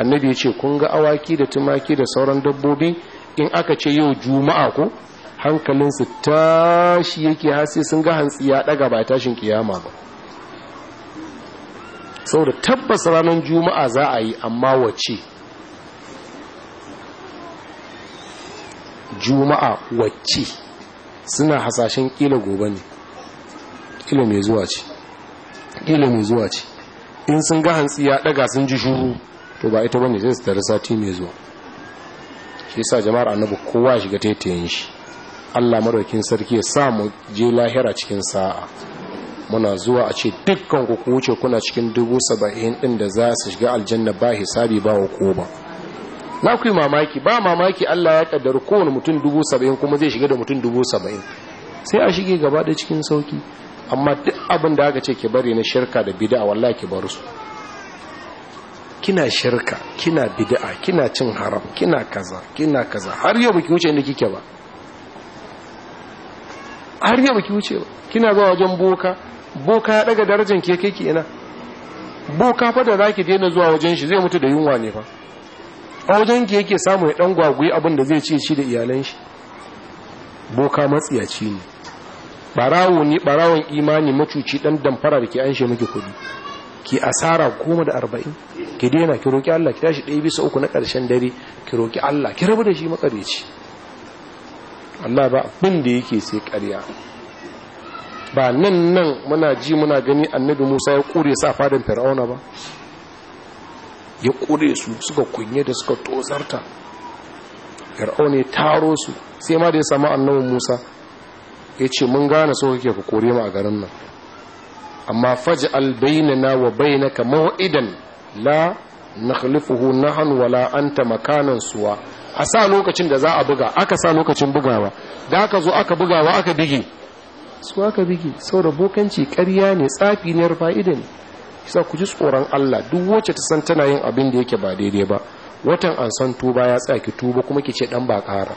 annabi ya ce Kun ga awaki da tumaki da sauran dabbobi in aka ce yau juma'a ko hankalinsu tashi yake sai sun ga hantsi ya daga ba tashin kiyama ba saboda tabbas ranar juma'a za a yi amma wace juma'a wacce suna hasashen kila gobe ne kila mai zuwa ce kila mai zuwa ce in sun ga hantsi ya daga sun ji shuru to ba ita bane zai tare sati mai zuwa shi sa jama'ar annabu kowa shiga taitayen shi Allah madaukin sarki ya sa mu je lahira cikin sa'a muna zuwa a ce dukkan ku wuce kuna cikin dubu saba'in ɗin da za su shiga aljanna ba hisabi ba wa ko ba Na ku mamaki ba mamaki Allah ya kaddara kowane mutum dubu saba'in kuma zai shiga da mutum dubu saba'in sai a shige gaba da cikin sauki amma duk abin da aka ce ki bari na shirka da bid'a wallahi ki bar su kina shirka kina bid'a kina cin haram kina kaza kina kaza har yau baki wuce inda kike ba har yau baki wuce ba kina zuwa wajen boka boka ya daga darajar ke kai ki ina boka fa da zaki daina zuwa wajen shi zai mutu da yunwa ne fa a wajen ki yake samu ya dan gwagwi abin da zai ce shi da iyalan shi boka matsiyaci ne barawo ne barawon imani macuci dan damfara da ke an shi miki kudi ki asara goma da arba'in ki daina ki roƙi Allah ki tashi ɗaya bisa uku na ƙarshen dare ki roƙi Allah ki rabu da shi makareci Allah ba abin da yake sai ƙarya ba nan nan muna ji muna gani annabi musa ya kure su fadin fir'auna ba ya kure su suka kunye da suka tozarta fir'auna ya taro su sai ma da ya samu annabin musa ya ce mun gane so kake ku kore mu a garin nan amma faji albainana wa bainaka mawa'idan la nakhlifuhu nahnu wala anta makanan suwa a sa lokacin da za a buga aka sa lokacin bugawa da aka zo aka bugawa aka bigi. su aka biki saboda bokanci ƙarya ne tsafi ne fa'ida ne sa ku ji tsoron Allah duk wacce ta san tana yin abin da yake ba daidai ba watan an san tuba ya tsaki tuba kuma ki ce dan ba ƙara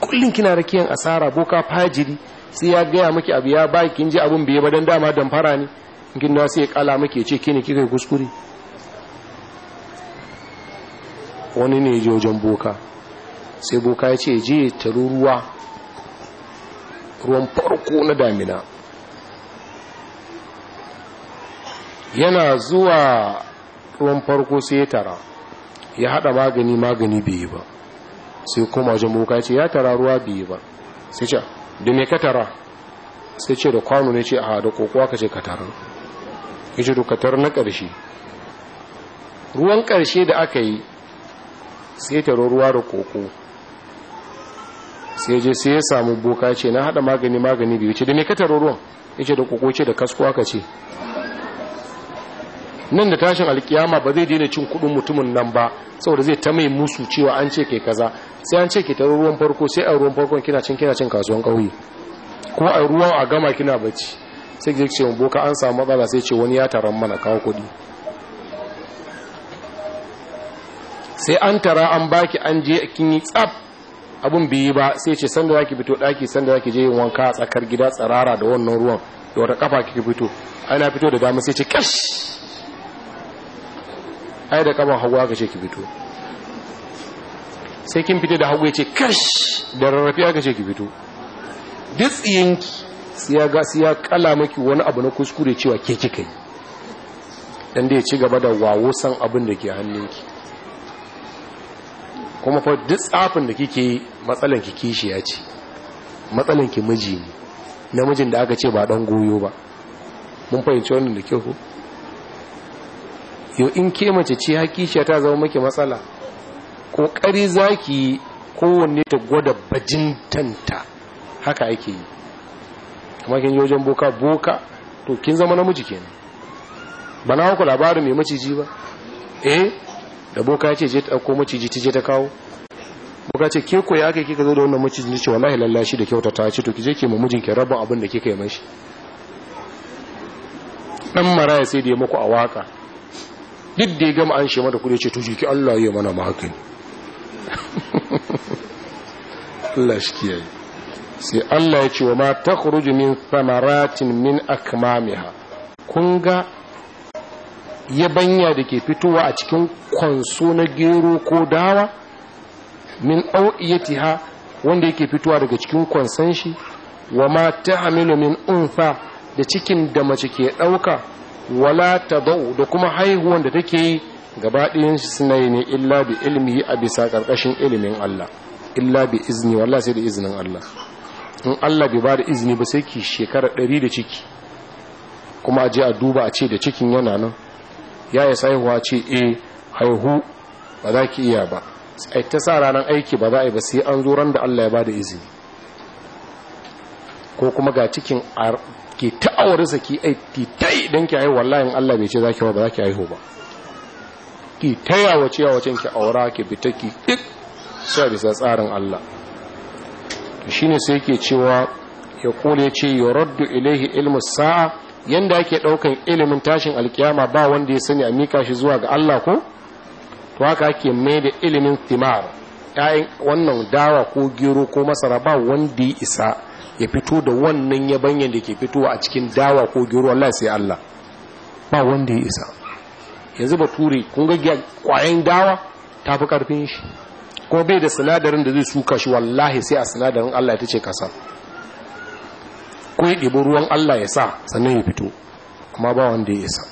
kullun kina rakiyan asara boka fajiri sai ya gaya maki abu ya ba kin ji abin bai ba dan dama dan fara ne kin na sai kala maki ce kine kika kuskure wani ne je boka sai boka ya ce je taruruwa ruwan farko na damina yana zuwa ruwan farko sai ya tara ya hada magani magani bai ba sai kuma wajen boka ce ya tara ruwa bai ba sai ce da me ka tara sai ce da kwano ne ce a da kokowa ka ce ka tara ya ce tara na ƙarshe ruwan ƙarshe da aka yi sai taro ruwa da koko sai je sai ya samu boka ce na hada magani magani biyu ce da me ka taro ruwan yace da kokoce da kasko aka ce nan da tashin alkiyama ba zai daina cin kudin mutumin nan ba saboda zai ta mai musu cewa an ce kai kaza sai an ce ki taro ruwan farko sai a ruwan farkon kina cin kina cin kasuwan kauye ko a ruwan a gama kina bacci sai ki ce boka an samu matsala sai ce wani ya taron mana kawo kudi sai an tara an baki an je kin yi tsaf abin biyu ba sai ce sanda zaki fito daki sanda zaki je yin wanka a tsakar gida tsarara da wannan ruwan da wata kafa kike fito ai na fito da dama sai ce kash ai da kaban hagu aka ce ki fito sai kin fito da hagu ya ce kash da rarrafi aka ce ki fito duk tsiyinki siya ga ya kala maki wani abu na kuskure cewa ke kika yi dan da ya ci gaba da wawo san abin da ke hannunki kuma fa duk tsafin da kike yi matsalan ki kishi ya ce matsalan ki miji ne namijin da aka ce ba dan goyo ba mun fahimci wannan da kyau yau in ke mace ce ya kishi ta zama maki matsala kokari zaki yi kowanne ta gwada bajintanta haka ake yi kuma kin yi wajen boka boka to kin zama namiji kenan bana na labarin mai maciji ba eh da boka ce je ta ko maciji ta je ta kawo boka ce ke koya aka kika zo da wannan maciji ne ce wallahi lallashi da kyauta ta ce to ki je ki ma mijin ki rabu abin da kika yi mashi dan maraya sai da ya muku a waka duk da ya gama an shi mata kudi ce to jiki Allah ya mana magani Allah shi kiyaye sai Allah ya ce wa ma takhruju min thamaratin min akmamiha kun ga yabanya da ke fitowa a cikin kwanso na gero ko dawa min ha wanda yake fitowa daga cikin kwanson shi wa ma hamilu min unfa da cikin da mace ke ɗauka wala ta zau da kuma haihuwan da take yi gaba ɗayan shi suna ne illa bi ilmi a bisa ƙarƙashin ilimin Allah illa bi izini wallah sai da izinin Allah in Allah bai ba da izini ba sai ki shekara ɗari da ciki kuma a je a duba a ce da cikin yana nan ya yi haihuwa ce e, haihu ba za ki iya ba sai ta sa ranar aiki ba za a yi ba sai an zo ran da Allah ya ba da izini ko kuma ga cikin ke ta awarisa ki aiki ta yi don ki haihu wallahi in Allah bai ce za ki ba za ki haihu ba ki ta yawace ki aura ki fita ki ɗin sai bisa tsarin Allah shi ne sai ke cewa ya kone ce raddu ilaihi ilmu sa'a yanda ake daukan ilimin tashin alkiyama ba wanda ya sani a mika shi zuwa ga Allah ko to haka ake mai da ilimin timar 'ya'yan wannan dawa ko gero ko masara ba wanda ya isa ya fito da wannan yabanyan da ke fitowa a cikin dawa ko gero Allah sai Allah ba wanda ya isa yanzu bature kun ga kwayan dawa ta fi karfin shi ko bai da sinadarin da zai suka shi wallahi sai a sinadarin Allah ya tace kasa ko ya ɗibi ruwan Allah ya sa sannan ya fito kuma ba wanda ya isa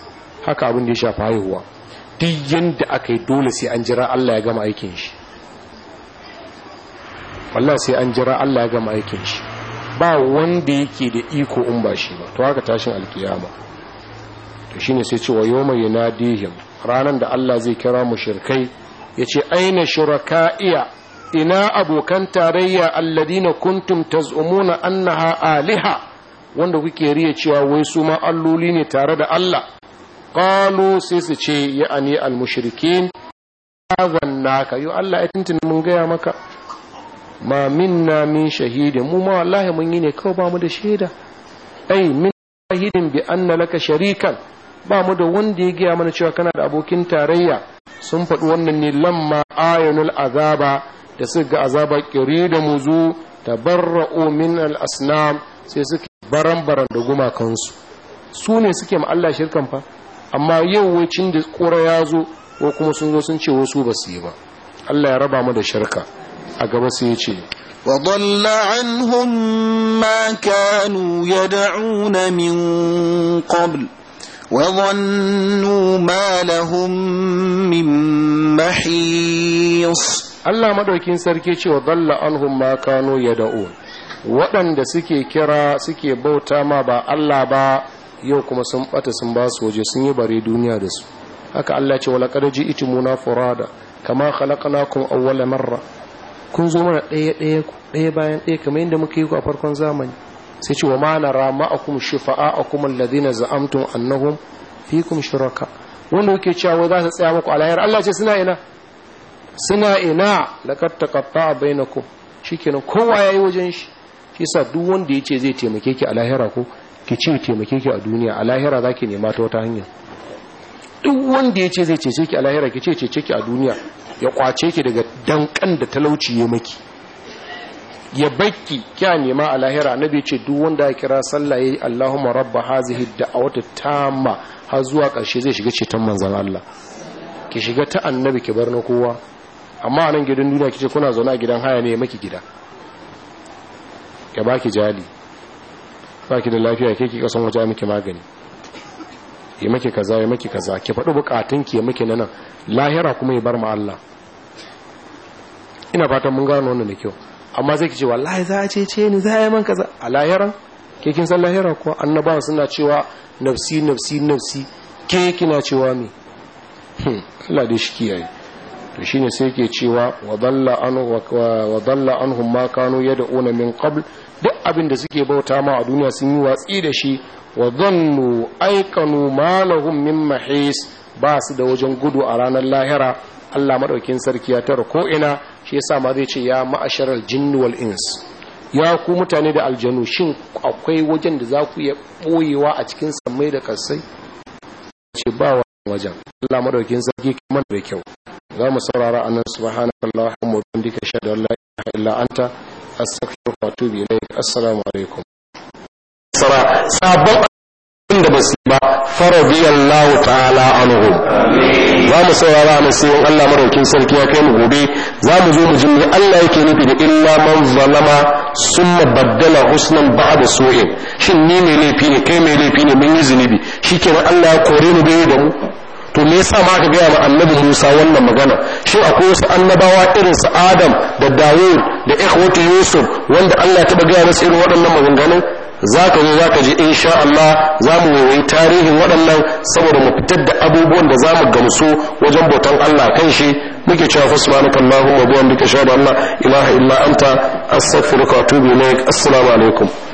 haka abin da ya shafa haihuwa duk yadda aka yi dole sai an jira Allah ya gama aikin shi wallah sai an jira Allah ya gama aikin shi ba wanda yake da iko in ba shi ba to haka tashin alkiyama to shine sai cewa yawma yunadihim ranar da Allah zai kira mu mushrikai yace aina iya. ina abokan tarayya alladina kuntum taz'umuna annaha aliha wanda kuke riya cewa wai su ma alloli ne tare da Allah qalu sai su ce ya ani al mushrikin azannaka yo Allah ya tuntun mun gaya maka ma minna min shahidi mu ma wallahi mun yi ne kawai ba mu da shaida ai min shahidin bi anna laka sharikan ba mu da wanda ya gaya mana cewa kana da abokin tarayya sun faɗi wannan ne lamma ayanul azaba da su ga azaba kire da muzu tabarra'u min al-asnam sai suke baran-baran da gumakansu su ne suke Allah shirkan fa amma yau wacin da kura ya zo ko kuma sun zo sun ce wasu ba su yi ba Allah ya raba mu da shirka a gaba sai ya ce وضل عنهم ما كانوا يدعون من قبل وظنوا ما لهم من محيص Allah madaukin sarki ce wa dalla anhum ma kanu waɗanda suke kira suke bauta ma ba Allah ba yau kuma sun ɓata sun ba su waje sun yi bare duniya da su haka Allah ce wala qad fura furada kama kun awwala marra kun zo mana ɗaya ɗaya ku ɗaya bayan ɗaya kamar yadda muka yi ku a farkon zamani sai ce wa rama a a kuma ladi na za'amtun za'amtum annahum kuma shiraka wanda kuke cewa za su tsaya muku a alayar Allah ce suna ina suna ina kafa a bainakum shikenan kowa ya yi wajen shi Kisa duk wanda ya ce zai taimake ki a lahira ko ki ce taimake ki a duniya a lahira za ki nema ta wata hanya duk wanda ya ce zai cece ki a lahira ki ce cece ki a duniya ya kwace ki daga dankan da talauci ya maki ya baki kya nema a lahira ya ce duk wanda ya kira sallah Allahu Allahumma rabba a wata tama har zuwa karshe zai shiga ceton manzon Allah ki shiga ta annabi ki bar na kowa amma a nan gidan duniya kice kuna zaune a gidan haya ne ya maki gida ya baki jali baki da lafiya ke ki kasan waje miki magani ya miki kaza ya miki kaza ki faɗi bukatun ki ya miki nan lahira kuma ya bar mu Allah ina fatan mun gano wannan da kyau amma zai ki ce wallahi za a cece ni za a yi man kaza a lahiran ke kin san lahira ko annabawa suna cewa nafsi nafsi nafsi ke kina cewa me hmm, Allah dai shi kiyaye to shine sai ke cewa wa dalla anhu wa dalla anhum ma kanu yad'una min qabl duk abin da suke bauta ma a duniya sun yi watsi da shi wa zannu aikanu malahum min mahis ba su da wajen gudu a ranar lahira Allah madaukin sarki ya tara ko ina shi yasa ma zai ce ya ma'ashar al-jinn wal ins ya ku mutane da aljanu shin akwai wajen da za ku iya boyewa a cikin sammai da kasai ce ba wajen Allah madaukin sarki kamar da kyau za mu saurara anan subhanakallahumma wa bihamdika shada la ilaha illa anta astaghfiruka wa atubu assalamu alaikum sara sabon abin da basu ba faradiyallahu ta'ala anhu za mu saurara mu sai in Allah madaukin sarki ya kai mu gobe za mu zo mu ji Allah yake nufi da illa man zalama summa baddala husnan ba'da su'in shin ni mai laifi ne kai mai laifi ne mun yi zunubi shikenan Allah ya kore mu bai da mu to me yasa ma ka gaya ma annabi Musa wannan magana shin akwai wasu annabawa irin su Adam da Dawud da ikhwatu Yusuf wanda Allah ya taba gaya musu irin waɗannan maganganun zaka zo zaka ji insha Allah za mu yi tarihin waɗannan saboda mu fitar da abubuwan da za mu gamsu wajen bautan Allah kan shi muke cewa fa subhanaka allahumma wa bihamdika shahadu an la ilaha illa anta astaghfiruka wa atubu ilaik assalamu alaikum